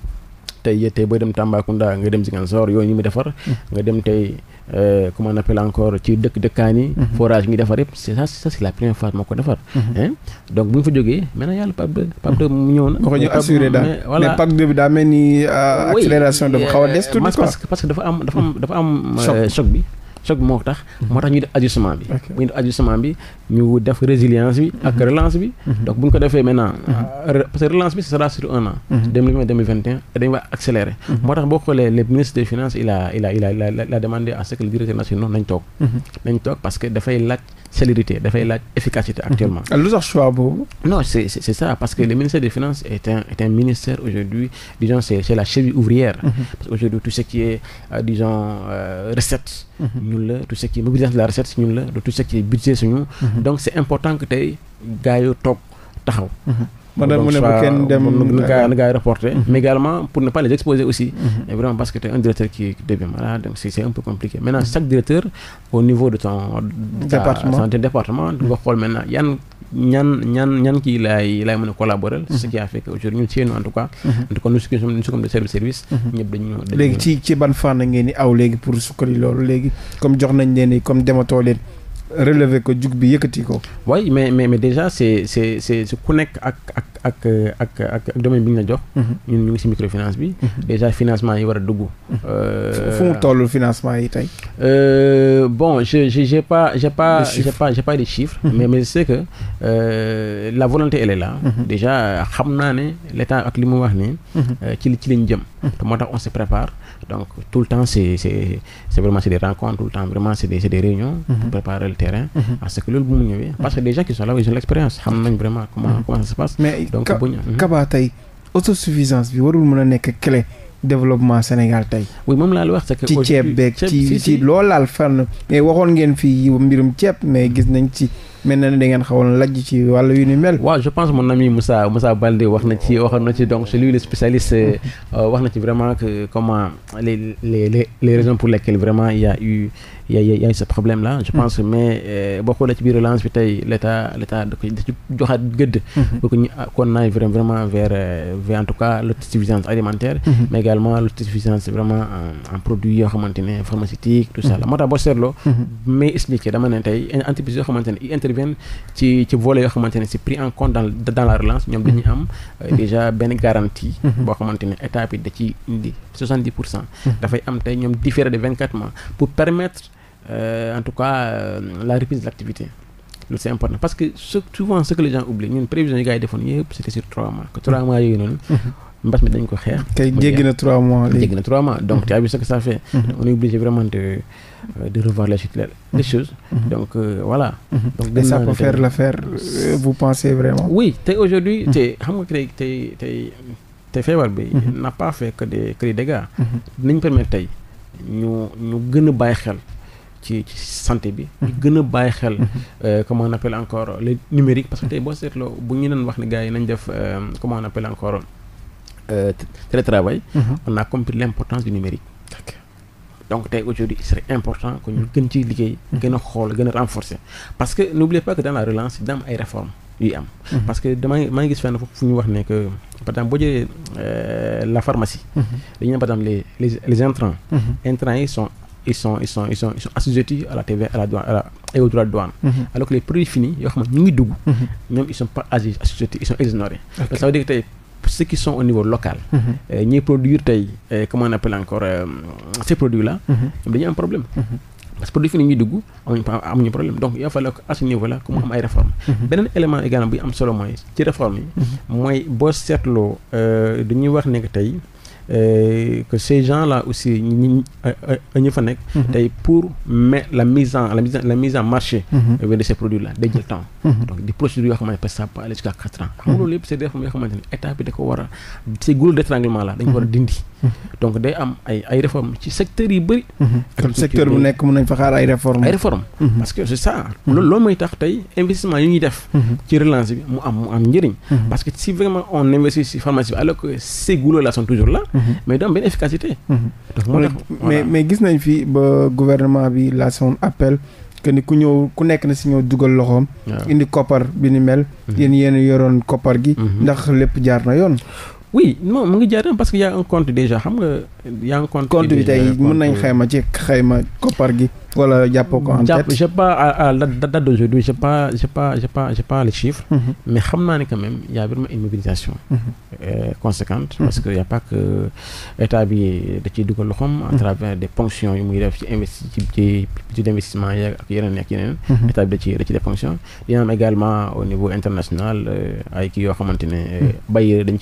tey tey booy dem Tambacounda nga dem Ziguinchor yooyu ñu mu defar mm. nga dem tey euh, comment on appelle encore ci dëkk dëkkaan yi mm-hmm. ngi defar yëpp c'est ça c'est la première phase moo ko defar mm-hmm. donc bu ñu fa jógee maintenant yàlla PAP 2 PAP 2 mu ñëw na nga ko ñu daal voilà mais PAP bi daa mel ni euh, accélération dafa euh, xaw a des tuuti quoi parce dafa am dafa am dafa am choc bi choc mhm. moo tax. moo tax ñu def ajustement bi ñu def résilience bi. ak mhm. relance bi. Mhm. donc bu ñu ko defee maintenant. Euh, parce que relance bi ce sera sur un an. deux vingt deux mille vingt et un dañu accélérer. moo tax boo le ministre des finances il a il a il a il à ce que les nañ toog. nañ toog parce que dafay laaj. célérité dafay laaj efficacité mhm. actuellement. Ah, lu tax choix non c' est c' est ça parce que le ministère des finances est ministère aujourd'hui disons c' la cheville ouvrière. Mhm. parce que aujourd'hui tout ce qui est euh, disons euh, recette. Mhm. ñun la tout ce qui est de la recette ñun la tout ce qui est budget suñu. donc c' est important que tey gars yi taxaw. ma ne mu ne bu kenn dem na gars reporté mhm. mais pour ne pas les aussi mhm. et vraiment parce que tu es un directeur qui devient c'est un peu compliqué maintenant mhm. chaque directeur au niveau de ton département département nga xool maintenant yan ñan ñan ñan kii laay laay mën a collaborer ce qui a fait que aujourd'hui ñun seenu en tout cas en tout cas nous sommes comme des services service ñëpp dañu léegi ci ci ban fànn ngeen di aw léegi pour sukkali loolu léegi comme jox nañ leen comme dematoo leen relever ko jug bi yëkkati ko. waaye mais mais mais déjà c'est c'est c'est ku nekk ak ak ak ak ak domaine bi ñu la jox. Mhm. ñun ñu ngi ci microfinance bi. Mhm. déjà financement yi war a dugg. fu euh, mu toll financement yi tey. Euh, bon je je pas j'ai pas j'ai de chiffres. Mhm. mais mais je sais que euh, la volonté elle est déjà xam naa ne l'État ak li mu wax nii. Euh, ci ci lañ jëm. te moo tax on se prépare. donc tout le temps c'est c'est vraiment c'est des rencontres pour mhm. préparer le terrain mhm. à que loolu bu mu ñëwee mhm. parce que déjà qui sont là ils ont l'expérience xam nañ vraiment comment comment ça se passe mais Kaba tey autosuffisance bi warul mën a nekk clé développement Sénégal tey. oui moom laa la wax ci ceeb beeg ci loolu laal fànn mais waxoon ngeen fii mbirum ceeb mais gis nañ ci mel na ne da ngeen xawoon lajj ci wàllu yu ni mel. waaw je pense mon ami Moussa Moussa Baldé wax na ci waxoon na ci donc c'est le spécialiste euh, wax na ci vraiment que comment les les les pour lesquelles vraiment il a eu il a il a eu ce problème là. je hmm. pense mais euh, boo xoolee ci biir relance bi tey l'état l'état da ko da ci joxaat gëdd. Hmm. pour que ñu kon ah, naay vraiment vers euh, vers en tout cas l'autosuffisance alimentaire. Hmm. mais également l'autosuffisance vraiment en en yoo xamante ne pharmaceutique ci ci yoo xamante ne pris en compte dans dans la relance ñoom dañuy mhm. am euh, mhm. déjà benn garantie mhm. boo xamante ne état bi da ci indi soixante dix pour cent dafay am tey ñoom différé de vingt quatre mois pour permettre euh, en tout cas euh, la reprise de l'activité c'est important parce que souvent ce que les gens oublient ñun prévision yi gars yi defoon yëpp c'était sur trois mois que trois mois yooyu noonu mbas mi dañ ko xeex. kay jéggi na trois mois léegi na trois mois donc mmh. tu as vu ce que ça fait. Mmh. voilà. donc gën ça peut faire l'affaire euh, vous pensez vraiment. oui tey aujourd'hui mmh. tey xam nga tey tey tey feebar bi. n'a pas fait que des que des dégâts. tey ñu ñu gën a bàyyi xel. ci ci santé bi. ñu gën a bàyyi xel. Euh, comment on appelle encore le numérique parce que tey boo seetloo bu ñu doon wax ne gars yi nañ def euh, comment on appelle encore. euh, télétravail, mm -hmm. on a compris l'importance du numérique. Okay. donc tey aujourd'hui il serait important que ñu mhm. gën ci liggéey mhm. gën a xool gën a renforcer parce que n'oubliez pas que dans la relance dina am ay réformes yuy am mhm. parce que dama maa gis fenn fu ñu wax ne que par exemple boo jëlee euh, la pharmacie dañu ne par exemple les intrants intrants yi sont ils sont la TVA à la douane à la et au droit que les produits finis yoo xam ñu ngi dugg ñoom ils sont pas assujettis ceux qui sont au niveau local. Mhm. Euh, ñuy produire tey euh, comment on appelle encore euh, ces produits là. Mhm. dañuy am problème. Mhm. parce que produit fini ñuy dugg amuñu amuñu problème donc il faut que à niveau là que mu am ay réformes. beneen élément également bu am solo mooy ci réforme yi. mooy boo seetloo dañuy wax ne tey. Euh, que ces gens-là aussi ñi ñu fa nekk. Mhm. pour mettre la mise en marché. Mhm. Eh de ces produits-là day jël temps. Mhm. donc di procédures yoo xamante parce que ça peut aller jusqu'à quatre ans. xam nga loolu yëpp c'est des formes yoo xamante bi da ko war a ces goulots d'étranglement-là dañ ko war a dindi. donc day am ay ay ci secteurs yi bëri. Mhm. kon secteur bu nekk mën nañ fa xaar ay réformes. ay réformes mhm. parce que c'est ça. Mhm. loolu loolu mooy tax tey investissement yi ñuy def. ci relance bi mu am mu am njëriñ. parce que si vraiment on investit pharmacie bi alors que ces goulots là toujours là. mais du benn efficacité. mais gis nañ fi ba gouvernement bi la son appel. que ni ku ñëw ku nekk na si ñëw dugal loxoom. indi koppar bi ni mel. yéen yéen yoroon koppar gi. oui non mu ngi jar parce que y' a un nga. yaa ngi compte. compte bi tey mën nañ xayma ci xayma koppar gi. wala jàppoo ko en tête je pas à la date d'aujourd'hui je sais pas je sais pas je sais pas je pas les chiffres. Mhm. mais xam naa ne quand même y a vraiment une mobilisation. Mhm. Euh, conséquente. Mhm. parce que y a pas que état bi da dugal loxoom. à travers des ponctions yu muy def ci investi ci ci investissement yeeg ak yeneen ak yeneen. état bi da ciy da ciy def am également au niveau international euh, ay kii yoo xamante ne. Euh, bàyyi dañ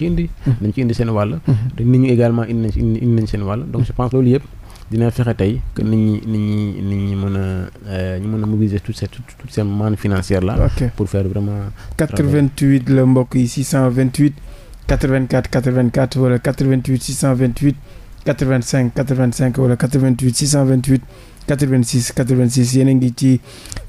ci seen wàll donc je pense loolu yëpp dina fexe tey que ni ñi ni ñi nit mën a euh, ñu mën a mobiliser tout ces toutes ces manne financière là. Okay. pour faire vraiment. 88 la mbokk yi 628 84 84 wala 88 628 85 85 wala 88 628. 86 86 yéen a ngi ci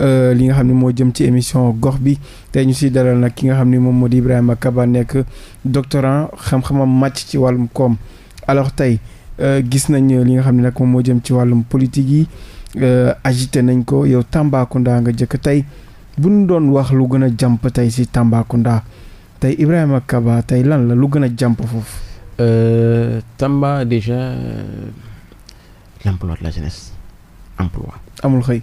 euh, li nga xam ne moo jëm ci émission gox bi te ñu si dalal nag ki nga xam ni moom moo di Ibrahima Kaba nekk doctorant xam-xamam màcc ci wàllum koom alors tey Euh, gis nañ euh, li nga xam ne nag moom moo jëm ci wàllum politique yi euh, agité nañ ko yow Tambacounda nga jëkk tey bu ñu doon wax lu gën a jàmp tey si Tambacounda tey Ibrahima Kaba tey lan la lu gën a jàmp foofu. Tamba déjà l'emploi de la jeunesse emploi. amul xëy.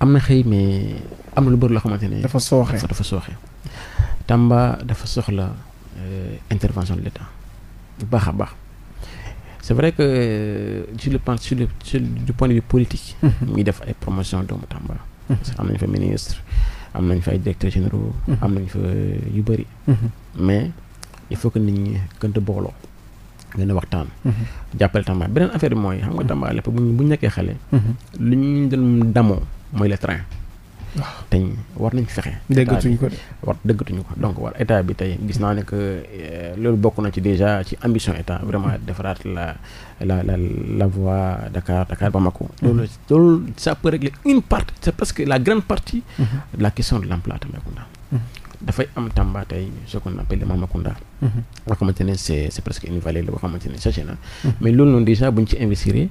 am na xëy mais am na lu bëri loo xamante ne. dafa sooxe dafa sooxe. Tamba dafa soxla intervention de l'État bu baax a baax. c'est vrai que euh, sur le plan sur le sur du point de vue politique. mu mhm. ngi def ay promotion doomu Tamba. Mhm. parce que am nañ fa ministre am nañ fa ay directeurs généraux. Mhm. am nañ fa euh, yu bëri. mais il faut que nit ñi gën a booloo. gën a waxtaan. jàppale Tamba beneen affaire bi mooy xam nga Tamba lépp bu ñu nekkee xale. li ñu doon damoo mooy le train. te war nañ fexe. déggatuñ ko de war déggatuñu ko donc war état bi tey gis naa ne que euh, loolu bokk na ci déjà ci ambition état vraiment defaraat la la la la voie Dakar Dakar Bamako. Mhm. loolu loolu ça peut régler une partie que la grande partie. Mhm. de la question de l'emploi Tambacounda. Mhm. dafay am Tamba tey ce qu'on appelle Mamakunda. boo xamante ne c'est c'est presque une la boo xamante ne séché na. mais loolu noonu déjà buñ ci investir.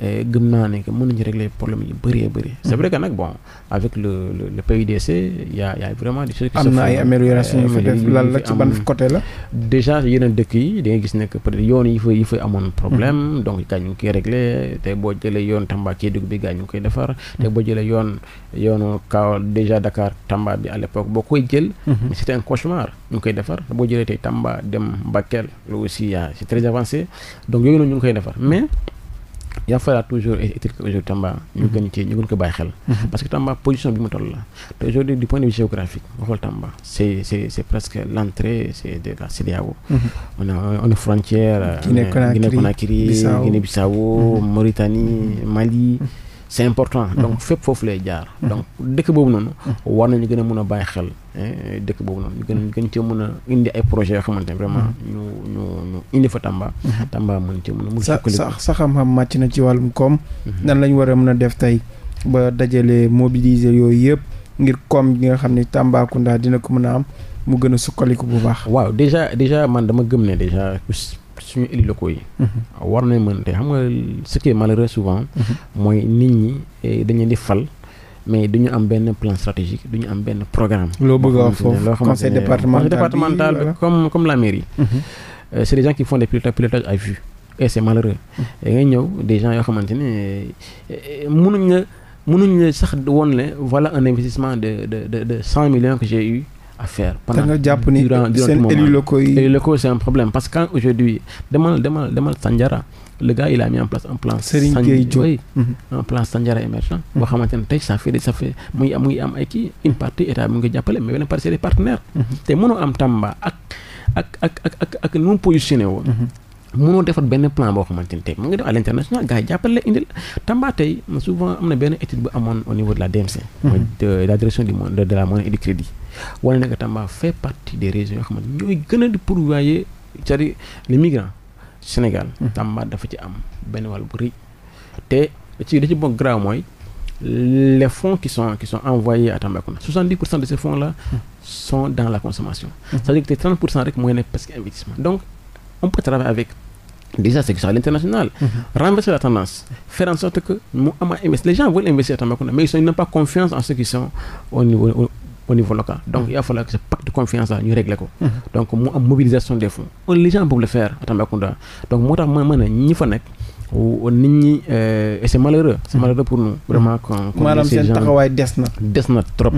gëm naa ne que mën nañu régler problème yu bëree bëri. c' est hmm. vrai que nag bon avec a y' a vraiment des choses. qui se font na ay améliorations yu fi euh, la ci ban côté la. déjà yeneen dëkk yi da ngay gis ne que peut être yoon yi fa yi fa amoon problème. Hmm. donc gars ñu ngi koy régler tey boo jëlee yoon Tamba Kédougou bi gars ñu ngi koy defar. tey hmm. boo jëlee yoon yoonu kaw déjà Dakar Tamba bi à boo koy jël. c' était un ñu koy defar boo jëlee tey Tamba dem Bakel loolu si y' a c' avancé donc yooyu noonu ñu ngi koy defar mais. il faudra toujours être aujourd'hui ñu gën ñu gën ko bàyyi xel mm-hmm. parce que Tamba position bi mu toll la te du point de géographique nga xool Tamba c'est c'est presque l'entrée c'est de la CEDEAO mm-hmm. on a a frontière Guinée Conakry Guinée Bissau mm-hmm. Mauritanie Mali c'est important mm-hmm. donc fépp foofu lay jaar mm-hmm. donc dëkk boobu noonu mm-hmm. war nañu gën a mun a bàyyi xel eh, dëkk boobu noonu ñu gën gën cee mën a indi ay projets yoo xamante ñu ñu indi fa Tamba Tamba mën cee mën mu sax sa xam-xam màcc na ci wàllum koom nan lañ war a mën a def tey ba dajale mobiliser yooyu yëpp ngir koom gi nga xam ne Tambacounda dina ko mën a am mu gën a sukkaliku bu baax waaw déjà déjà man dama gëm ne déjà suñu élus locaux yi. Mhm. war nañ mën te xam nga ce qui malheureux souvent. Mhm. mooy nit ñi eh, dañu di fal. mais du ñu am benn plan stratégique du ñu am benn programme. loo bëgg a wax foofu conseil départemental bi comme comme la mairie. Mhm. Euh, c' des gens qui font des pilotages à vue et malheureux. da ngay ñëw des gens yoo xamante ne eh, mënuñ la mënuñ la sax woon ne voilà un investissement de de de de cent millions que j'ai à faire. pendant nga jàpp ni seen élus locaux yi élus locaux c'est un problème parce que quand aujourd'hui demal demal demal Sandiara le gars il a mis en place un plan. Serigne Gueye Diop oui mhm. un plan Sandiara émergent. boo xamante ne tey ça fait ça fait muy am muy am ay kii une partie état mu ngi jàppale mais beneen partie c'est des partenaires. Mhm. te mënoo am Tamba ak ak ak ak ak ak nu mu positionné woon. Mhm. mënoo defar benn plan boo xamante ni tey mu ngi def à l'international gars yi jàppale la indil Tamba tey souvent am na benn étude bu amoon au niveau de la DMC. mooy de la direction du monde de la monnaie et du crédit. wala ne que Tamba fait partie des régions yoo xam ne ñooy gën a di pourvoyer c'est-à-dire les migrants Sénégal. Tamba am benn wàll bu te ci li ci bokk grave mooy les fonds qui sont qui sont envoyés à de ces fonds là. sont dans la consommation. c'est-à-dire que te 30 pour cent rek mooy nekk presque investissement donc on peut travailler avec. déjà c'est que l'international renverser la tendance faire en sorte que mu ama investir les gens veulent investir à Tambacounda mais au niveau local. donc il va falloir que ce pacte de confiance là ñu régler ko. donc mu am mobilisation des fonds. on les gens peuvent a faire à Tambacounda donc moo tax ma mën a ñi fa nekk. nit ñi euh, et malheureux. c' malheureux pour nous. vraiment quand quand maanaam seen taxawaay des na. des na trop.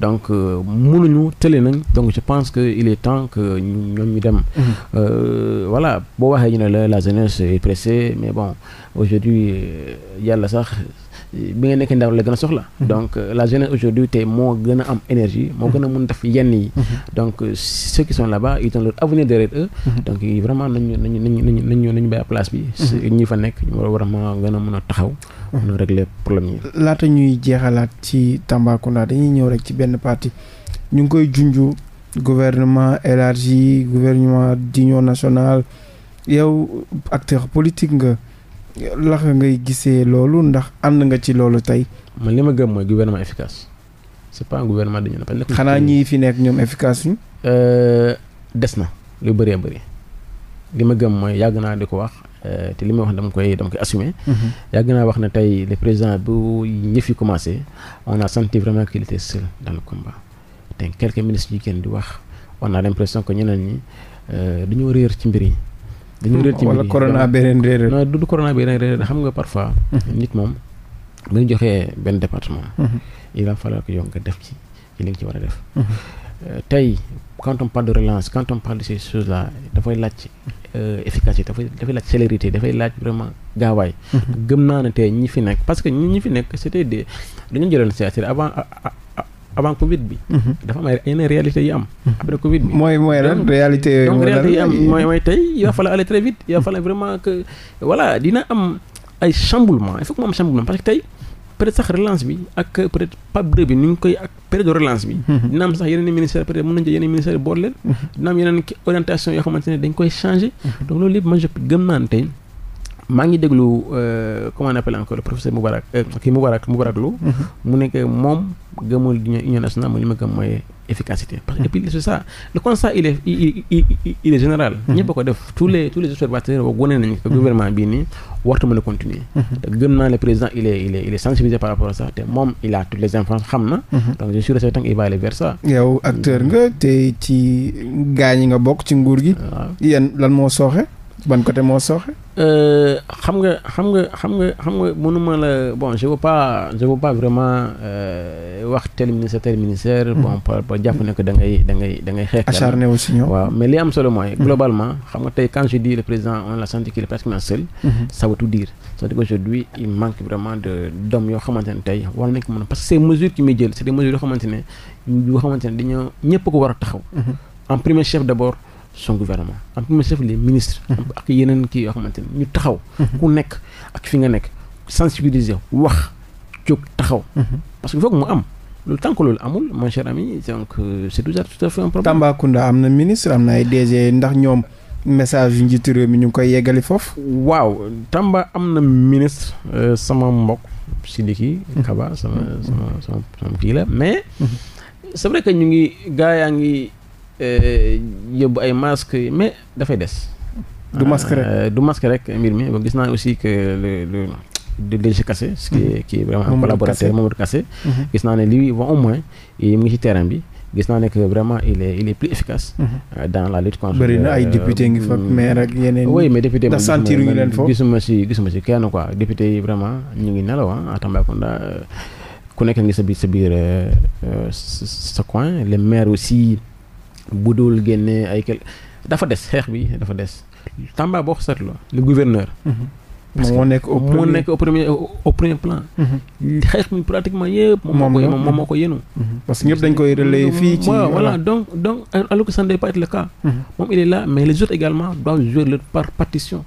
donc euh, mënuñu tële nañ. donc je pense que il est temps que ñoom ñu dem. Mhm. Euh, voilà boo waxee ñu ne la la jeunesse est pressée mais bon aujourd'hui yàlla sax. bi nga nekk ndaw la gën a soxla mhm. donc euh, la jeunesse aujourd'hui tey moo gën a am énergie moo gën a mun def yenn yi mhm. donc euh, ceux qui sont ba bas ils ont leur avenir derrière eux mhm. donc vraiment nañu nañu nañu nañu nañu nañu bàyyi place bi ñi fa nekk ñu war a vraiment gën a mun a taxaw mun a régler problème yi laata ñuy jeexalaat ci Tambacounda dañuy ñëw rek ci benn parti ñu ngi koy junju gouvernement élargi gouvernement d'union nationale yow acteur politique nga laxa ngay gisee loolu ndax ànd nga ci loolu tey. man li ma gëm mooy gouvernement efficace c'est pas un gouvernement dañu xanaa ñii fi nekk ñoom efficace euh, des na lu bëree bëri li ma gëm mooy yàgg naa di ko wax euh, te li ma wax dama koy dama koy mhm. yàgg naa wax ne tey le président bu ñëf yi commencé a senti vraiment qu'il était seul dans le combat te quelques ministres yu gën di wax on a l'impression que ñeneen ñi euh, dañoo réer ci mbir yi. dañu réer ci mbir wala corona beneen réer non du corona beneen réer xam nga parfois. Mhm. nit moom bu ñu joxee benn département. Mhm. il va falloir que nga def ci ci nga ci war a def. Mhm. Euh, tey quand on de relance quand on parle de ces choses là dafay laaj euh, efficacité dafay dafay laaj célérité dafay laaj vraiment gaawaay. gëm naa ne tey ñi fi nekk parce que ñi fi nekk c'était des dañu jëloon c'est-à-dire avant. avant Covid bi. Mhm. dafa am ay yenn réalité yi am. Mhm. après Covid bi. mooy mooy lan réalité. mooy mooy tey il va aller très vite il va vraiment que voilà dina am ay chamboulement il faut que mu am chamboulement parce que tey peut sax relance bi ak peut-être bi ni ñu koy ak période de relance bi. Mhm. dina am sax yeneen i ministères peut-être mën nañu jël yeneen ministères boole leen. dina am yeneen orientation yoo xamante ne dañ koy changer. donc loolu lépp man je gëm maa ngi déglu euh, comment on appelle encore le professeur Moubarak euh, kii Moubarak Moubarak Lô mhm. mu nekk mhm. le mhm. a ko def tous les tous les observateurs wane nañ que gouvernement bii a continuer te gëm naa le président il est il est sensibilisé par rapport à te moom il a toutes les informations xam na donc je suis certain il va aller vers acteur nga te ci gaañ nga bokk ci nguur gi yan lan moo sooxe ban côté moo sooxe. Euh, xam nga xam nga xam nga xam nga mënuma la bon je veux pas je veux pas vraiment euh, wax tel ministère mm-hmm. bon par par jàpp ne que da ngay da ngay da ngay xeex. acharné aussi ñoom waaw mais li am solo mooy. Mm-hmm. globalement xam nga tey quand je dis le président on l'a senti qu'il est pratiquement seul. Mm-hmm. tout dire c'est-à-dire il manque vraiment de d'hommes yoo xamante ne tey war nañ ko mën parce que ces mesures qui muy jël c'est des yoo xamante yoo ñëpp ko war a taxaw. son gouvernement en premier chef les ministres ak yeneen kii yoo xamante ni ñu taxaw mhm. ku nekk ak fi nga nekk sensibiliser wax jóg taxaw mhm. parce que foog mu am loolu tant loolu amul mon cher ami donc euh, c'est déjà tout à fait un problème Tambacounda am na ministre am na ay DG ndax ñoom message yu mi ñu ngi koy yeggali foofu waaw Tamba am na ministre euh, sama mbokk Sidiki mhm. Kaba sama sama sama sama kii la mais c'est ñu ngi gaa yaa ngi Euh, yóbbu ay masques mais dafay des. du masque rek euh, du masque rek mbir mi gis naa aussi que le le. de DG Kassé qui mhm. qui est vraiment collaborateur Mamadou Kassé mhm. gis naa ne lui va au moins mu ngi ci terrain bi gis naa ne que vraiment il est il est mhm. euh, la lutte contre bëri na ay député ngi fa maire ak yeneen oui mais député sentir ñu leen foofu gisuma si kenn quoi député yi vraiment ñu ngi nelaw ah à Tambacounda ku nekk ngi sa biir sa biir sa coin les maires aussi bu dul génnee ay kel dafa des xeex bi dafa des Tamba boo ko seetloo le gouverneur. Mhm. moom moo nekk au premier moo nekk au premier plan. Mm-hmm. xeex mi pratiquement yëpp. moom moo koy moom moo ko yenu mm-hmm. parce que ñëpp dañ koy relayer fii ci. voilà donc donc alors que ça ne devait pas le cas. Mm-hmm. moom il est par partition.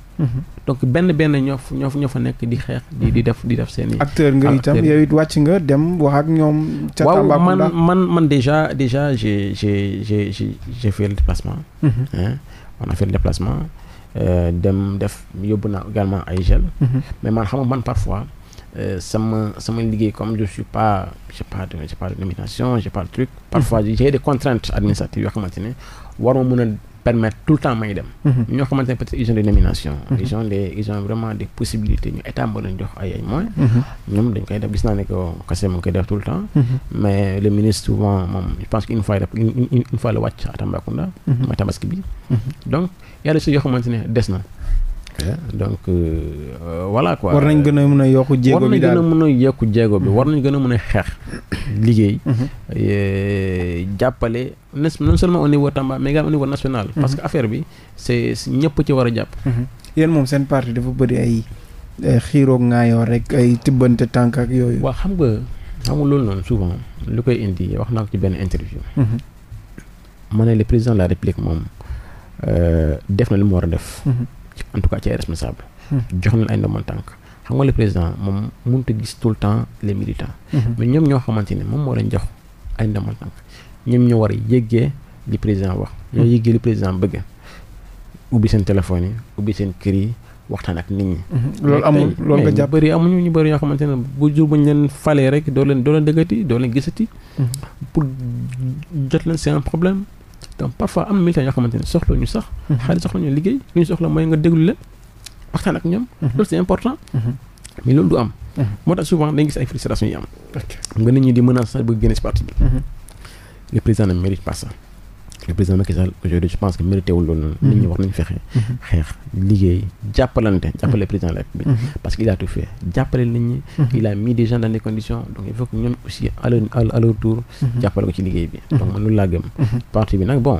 donc benn benn ñoo fa ñoo fa nekk di xeex di di def di def seen i. acteur nga itam yow it wàcc nga dem wax ak ñoom. ca Tambacounda waaw man man man déjà déjà j'ai j'ai j'ai déplacement. on a fait déplacement. Euh, dem def yóbbu naa également ay gel. Mhm. mais man xam nga man parfois euh, sama sama liggéey comme je suis pas j'ai pas de j'ai pas de pas de truc. parfois mhm. j'ai des contraintes administratives yoo xamante ne waroo mën a tout le temps may dem. Mhm. ñoo xamante ne peut ils ont des nominations. ils ont des ils ont vraiment des possibilités ñu état moo leen jox ay ay ñoom dañ koy def gis naa ne que kase koy def tout le temps. mais le ministre souvent moom y a yoo xamante ne des na. Eh, donc euh, voilà quoi. war nañ gën a mën a yokk jéego bi daal war nañ gën a mën a yokk jéego bi war nañ gën a mën a xeex liggéey. Mhm. Eh, jàppale non seulement au niveau Tamba mais également national. Mhm. parce que affaire bi c'est ñëpp ci war a jàpp. Mhm. yéen moom seen parti dafa bëri ay xiiroog ngaayoo rek ay tibbante tànk ak yooyu. waaw xam nga xam loolu noonu souvent lu koy indi wax naa ko ci benn interview. ma ne le président la république moom. Euh, def na li mu war a def. Mhm. en tout cas ci ay responsable mhm. jox na ay ndombal tànk xam nga le président moom mënut a gis tout le temps les militants. Mhm. mais ñoom ñoo xamante ne moom moo leen jox ay ndombal tànk ñoom ñoo war a yëggee li président wax. ñoo yëggee li président bëgg. ubbi seen téléphone yi ubbi seen kër yi waxtaan ak nit ñi. loolu amul loolu nga jàpp bëri amuñu ñu bëri ñoo xamante ne bu jur bu ñu leen falee rek doo leen doo leen dëggati doo leen gisati. pour jot donc parfois am na militants yoo xamante ne soxla ñu sax mhm. xaalis soxla ñu liggéey lu ñu soxla mooy nga déglu leen waxtaan ak ñoom mhm. loolu c'est important mhm. mais loolu du am moo tax souvent dañu gis ay frustrations yi am nga nit ñi di menacer sax bëgg génne si le président ne mérite pas le président Macky Sall aujourd'hui je pense que mérité wul loolu mhm. nit ñi war nañu fexe. Mhm. xeex liggéey jàppalante jàppale mhm. président de la parce que il a nit ñi. il a mis des gens des conditions donc il faut que ñoom aussi à leur à jàppale ko ci liggéey bi. donc man loolu laa gëm. parti bi nag bon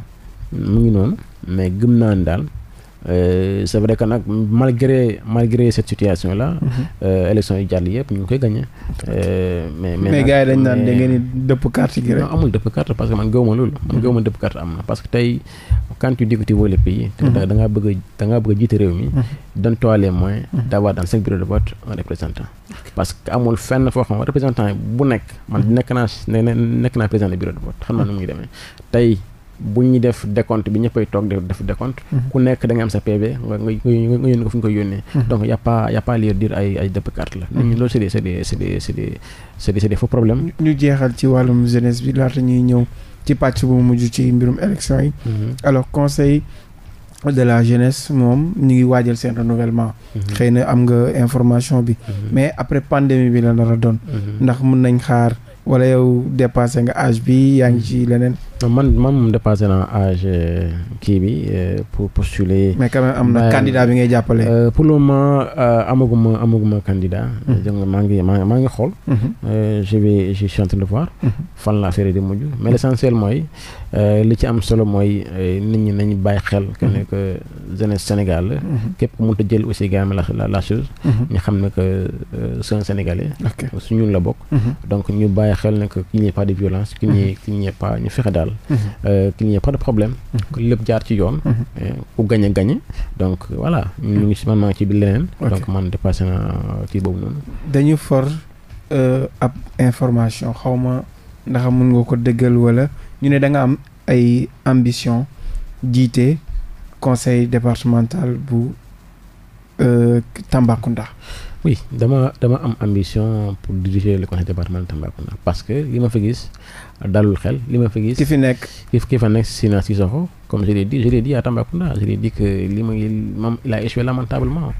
mu ngi noonu mais gëm naa daal. Euh, c' est vrai que nag malgré malgré cette situation là. Euh, élection yi jàll yëpp ñu ngi koy gagné. Euh, mais mais gars yi dañ naan da ngeen di dëpp carte gi rek. non amul dëpp carte parce que man gëwuma loolu. man mhm. gëwuma dëpp carte am na parce que tey quand tu dis que tu da bëgg a da ngaa bëgg a jiite réew mi. Mhm. donne-toi les moyens. Mhm. d' avoir dans cinq bureaux de vote représentant. parce que amul fenn foo xam représentant bu nekk. man nekk naa nekk de bureau de vote xam naa bu ñu def décompte bi ñëppay toog def décompte. Mhm. ku nekk da am sa PV nga nga nga ko fu ñu koy yónnee. Mhm. donc y' a pas y' a pas lieu dire ay ay dëpp carte la. Mhm. nit ñu jeexal ci wàllum jeunesse bi laata ñuy ñëw ci pàcc bu mujj ci mbirum élection yi. alors conseil de la jeunesse moom ñu ngi waajal seen renouvellement. xëy na am nga information bi. mais après pandémie bi la nar a doon. ndax mun nañ xaar wala yow dépassé nga âge bi yaa ngi ci leneen. man man moom dépassé naa âge euh, kii bi euh, pour postuler. mais quand am na candidat bi ngay jàppale. Euh, pour le moment amaguma amaguma candidat. donc mm-hmm. maa ngi maa maa ngi xool. Mm-hmm. je vais je suis en train de voir. Mm-hmm. fan la affaire di mujj mais l' essentiel mooy li ci am solo mooy nit ñi nañu bàyyi xel. que ne que jeunesse Sénégal la. képp ku mënta jël aussi gaame la la chose. ñu xam ne que c'est su ñun la bokk. donc ñu bàyyi xel ne que qu'il pas de violence. qu'il n'y pas ñu fexe daal. Sénégal. Euh, qu'il n'y a pas de problème. lépp jaar ci yoon. Mhm. ku gañ a donc voilà ñu ngi si man ci biir leneen. donc man dépassé naa kii boobu noonu. dañu for euh, ab information xawma ma ndax mun nga ko dëggal wala ñu ne danga am ay ambition jiite conseil départemental bu euh, Tambacounda. oui dama dama am ambition pour diriger le conseil départemental de Tambacounda parce que li ma fa gis. dalul xel li ma fa gis. si fi nekk ki fa nekk Sina Sissoko comme je l'ai dit je l'ai dit à Tambacounda je l'ai dit que li ma moom il a échoué lamentablement.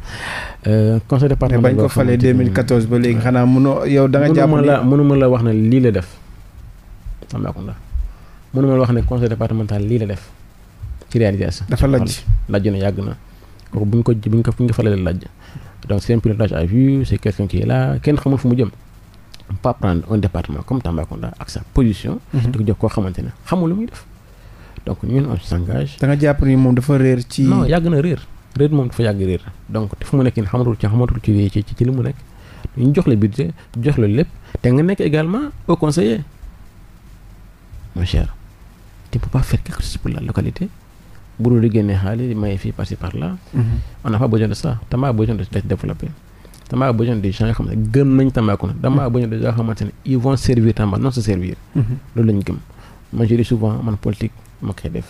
Euh, conseil départemental mais bañ ko falee 2014 ba léegi xanaa mënoo yow da nga jàpp mënuma la mënuma la wax ne lii la def Tambacounda mënuma wax ne conseil départemental lii la def ci réalisation. dafa lajj lajj na yàgg na kooku bu ñu ko bu ko falee lajj donc c'est un pilotage à vue c'est quelqu'un qui est là kenn xamul fu mu jëm. pas prendre un département comme Tambacounda ak sa position. Mhm. di ko jox koo xamante ne xamul lu muy def. donc ñun on s'engage. da jàpp ni moom dafa réer ci. yàgg na réer réer moom dafa yàgg réer donc te fu mu nekk nii xamatul ci xamatul ci ci ci li mu nekk ñu jox la budget jox la lépp te nga nekk également o conseiller mon cher tu ne pas faire quelque chose pour la localité. bu dul di génne xaalis di maye fii par ci par là. Mhm. on n'a pas besoin de ça Tamba a de se Tamba a besoin des gens yoo xam ne gëm nañ Tambacounda Tamba a besoin des gens xamante ne ils vont servir Tamba non se servir. Mm-hmm. loolu lañ gëm man je dis souvent man politique ma koy def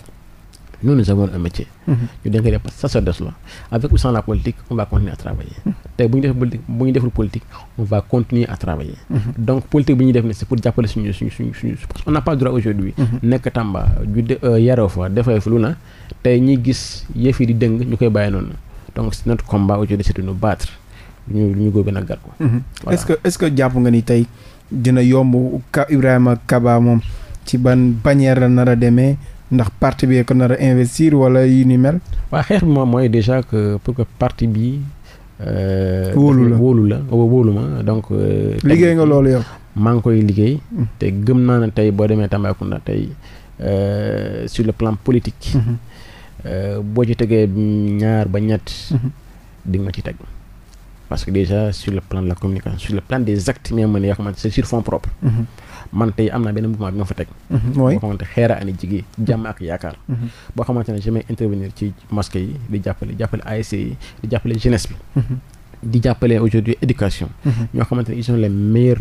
nous nous avons un métier. Mm-hmm. ñu dañ koy def sacerdoce la avec ou sans la politique on va continuer à travailler. Mm-hmm. tey bu ñu def politique bu ñu deful politique on va continuer à travailler. donc politique bi ñuy def ne c'est pour jàppale suñu suñu suñu suñu parce qu'on n'a pas droit aujourd'hui nekk Tamba ju euh, yaroo fa defee fa lu na tey ñiy gis yëf yi di dëng ñu koy bàyyi noonu donc c'est notre combat aujourd'hui c'est de nous battre. ñu ñu góobee nag gar ko mhm. est-ce que est-ce que jàpp nga ni tey dina yomb ka Ibrahima Kaba moom ci ban bannière la nar a demee ndax parti bi ko nar a investir wala yu ni mel waaw xeex bi moom mooy déjà que pour que parti bi euh, wóolu la wóolu la wóolu ma donc euh, liggéey nga loolu yow maa ngi koy liggéey mhm. te gëm naa ne tey boo demee na tey euh, sur le plan politique mhm. boo ci tegee ñaar ba ñett di nga ci teg parce que déjà sur le plan de la communication sur le plan des actes mi ma yoo xamante sur fond propre. Mhm. man tey am naa benn mouvement bi ma fa teg. Mhm. boo xamante xeera ani jigéen jàmm ak yaakaar. Mhm. boo xamante ne jamais intervenir ci mosquée yi di jàppale jàppale ASC yi di jàppale jeunesse bi. di jàppale aujourd'hui éducation. ñoo xamante ne ils ont les meilleures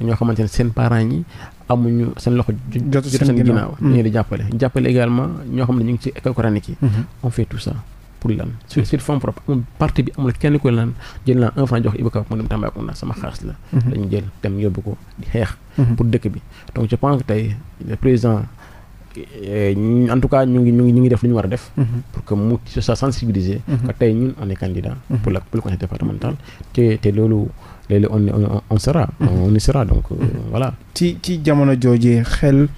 ñoo xamante ne seen parents yi amuñu seen loxo. jotu seen ginnaaw ñu ngi di jàppale. jàppale également pour lan sur sur fonds propre amul parti bi amul kenn koy lan jël naa un franc jox Ibou Ka mu dem Tambacounda sama xaalis la mhm. dañu jël dem yóbbu ko di xeex mhm. pour dëkk bi donc je pense que tey le président euh, en tout cas ñu ngi ñu ngi ñu ngi def lu ñu war a def mhm. pour que mu sa sensibiliser que tey ñun on est candidat pour la pour le conseil départemental te te loolu léeg-léeg on on on sera on y sera donc euh, voilà ci ci jamono joojee xel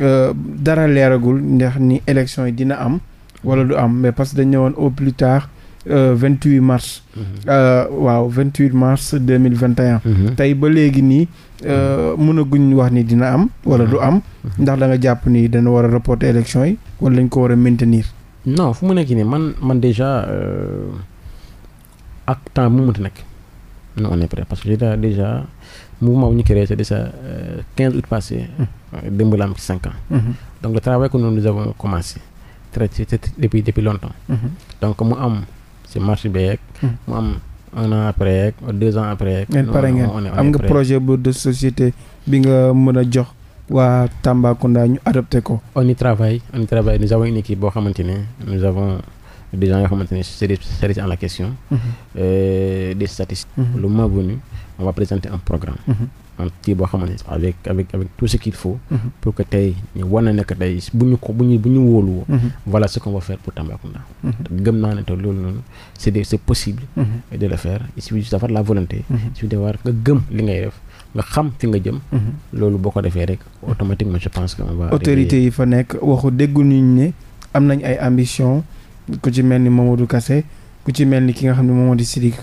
euh, dara leeragul ndax ni élection yi dina am wala du am mais parce que dañ ne woon au plus tard euh, vingt huit mars. Mhm. Euh, waaw vingt huit mars deux mille vingt et un. Mhm. tey ba léegi nii euh, mhm. mënaguñ wax nii dina am wala du am. ndax danga jàpp nii dana war a reporter élection yi wala dañ ko war a maintenir. non fu mu nekk nii man man déjà ak temps mu mënti nekk. non on est prêt parce que déjà déjà mouvement bu ñu créé c'est déjà quinze août passé. démb la am ci cinq ans. donc le travail que nous nous avons commencé. traité depuis depuis longtemps. Mm-hmm. donc mu am si marché bi yeeg. Mm-hmm. mu am un an après deux ans après am nga projet bu de société bi nga mën a jox waa Tambacounda ñu adopté ko. on y travaille on y travaille nous avons une équipe boo xamante ne nous avons. des gens yoo xamante ne c'est de spécialistes en la question. Mm-hmm. Euh, des statistiques. le moment venu on va présenter un programme. Mm-hmm. un kii boo xamante avec avec avec tout ce qu'il faut. Mm-hmm. pour que tey ñu wane ne que tey bu ñu ko bu ñu bu mm-hmm. voilà ce qu'on va faire pour Tambacounda. gëm naa ne te loolu noonu c'est de c'est possible. de le faire il suffit d'avoir la volonté. il suffit d'avoir nga gëm li ngay def. nga xam fi nga jëm. loolu boo ko defee rek automatiquement je pense que on va. autorité yi fa nekk waxu déggu ñu ne am nañ ay ambition ku ci mel ni Mamadou Kassé ku ci mel ni ki nga xam ne moom a di Sidiki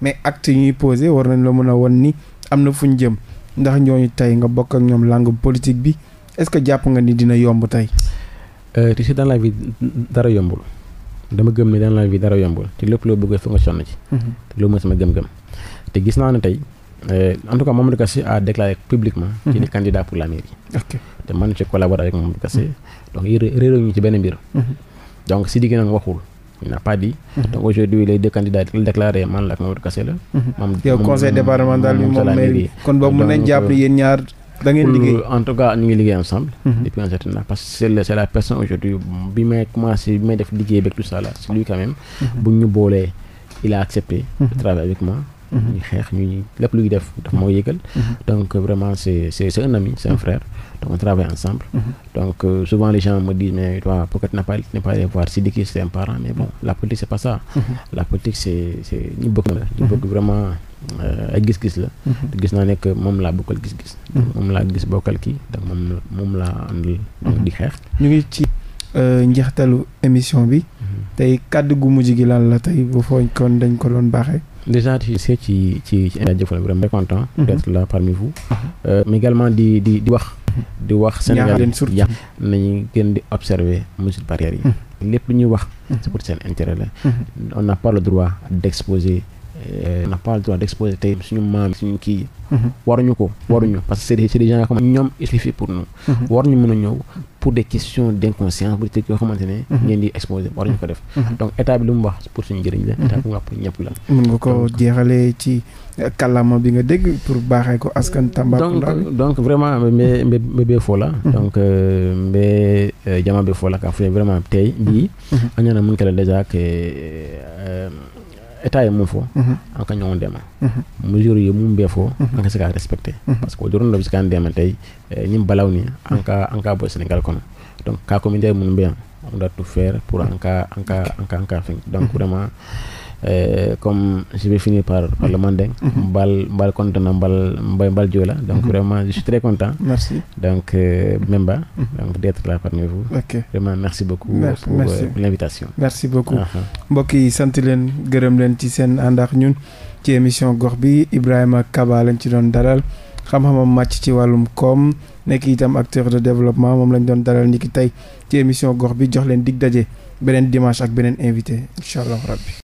mais acte yi ñuy posé war nañ la mën a wan ni am na fu ñu jëm ndax ñooñu tey nga bokk ak ñoom langue politique bi est-ce que jàpp nga ni dina yomb tey. tu euh, sais dans la vie dara yombul dama gëm ne dans la vie dara yombul te lépp loo bëgg fa nga sonn ci. Mhm. te loolu mooy sama gëm-gëm. te gis naa ne tey euh, en tout cas Mamadou Kassé a déclaré publiquement mhm. qu'il est candidat pour la mairie. ok te man ci collabore avec Mamadou Kassé mhm. donc réeréeruñu ci benn mbir. donc si digg nag waxul. il a pas dit. Mhm. donc aujourd'hui les deux candidats yi déclaré man la ak Mamadou Kassé mhm. conseil départemental bi moom mairie kon boobu mën nañ jàpp yéen ñaar da liggéey en tout cas ñu ngi liggéey ensemble. depuis mhm. un certain temps parce personne aujourd'hui bi may commencé bi may def liggéey beeg tout ça là c'est lui quand bu ñu boolee il a accepté. de avec moi. Mhm. ñu xeex ñu ñuy lépp luy def daf moo yëgal mhm. donc euh, vraiment c'est c'est c'est un ami c'est un mhm. frère donc on travaille ensemble donc euh, souvent mais toi pourquoi tu n'as pas tu n'es pas allé voir parent mais bon la politique c'est pas la politique c'est c'est ñu bëgg la ñu bëgg vraiment euh, ay gis-gis la te gis naa nekk moom laa bokkal gis-gis moom laa gis bokkal kii donc moom moom laa àndal di xeex ñu ngi ci njeextalu émission bi tey kàddu gu mujj gi lan la tey bu fooñ kon dañ ko doon baaxee déjà tu sais ci ci ci jaajëfal vraiment content mhm. d'être là parmi vous mhm. euh, mais également di di di wax di wax Sénégal surtout yàq nañu gën di observer mesures barrières yi mhm. lépp lu ñuy wax c'est pour seen intérêt la on n'a pas le droit d'exposer euh, on n'a suñu maam suñu kii waruñu ko waruñu parce que c'est des gens yoo xam ne ñoom il suffit pour nous waruñu mën a ñëw pour des questions d'inconscience bu dee yoo xamante ne. Mhm. ngeen di exposé war ñu ko def. Mhm. donc état bi lu mu wax pour suñu njëriñ la. état bi mu wax pour ñëpp la. mën nga ko jeexalee ci kàllaama bi nga dégg pour baaxee ko askan. Tambacounda donc donc vraiment mbé mbé mbé Fola. donc euh, mbé euh, jama mbé Fola ka fu vraiment tey bii. Mhm. añana mun kala déjà que. Euh, état ye mun fɔ mhm. an ka ɲɔgɔn dɛmɛ mhm. ye mun bɛɛ fɔ mhm. an se k'a respecté parce que o dɔrɔn dɔ bɛ se k'an dɛmɛ tey ni balaw ni an ka an ka bɔ Sénégal kɔnɔ donc cas minnu bɛ yan on doit tout faire pour an ka an ka an ka an ka fɛn Euh, comme je vais finir par, par le manding mbal mhm. mhm. mbal kontaan mbal mbal joola mhm. donc vraiment je suis très donc euh, Memba donc d'être là parmi vous okay. merci beaucoup euh, merci, merci. beaucoup uh-huh. mbokk yi sant leen gërëm leen ci seen àndax ñun ci émission gox bi Ibrahima Kaba lañ ci doon daral xam-xamam màcc ci wàllum koom nekk itam acteur de développement moom lañ doon dalal ni tey ci émission gox bi jox leen dig daje beneen dimanche ak beneen invité incha allah rabbi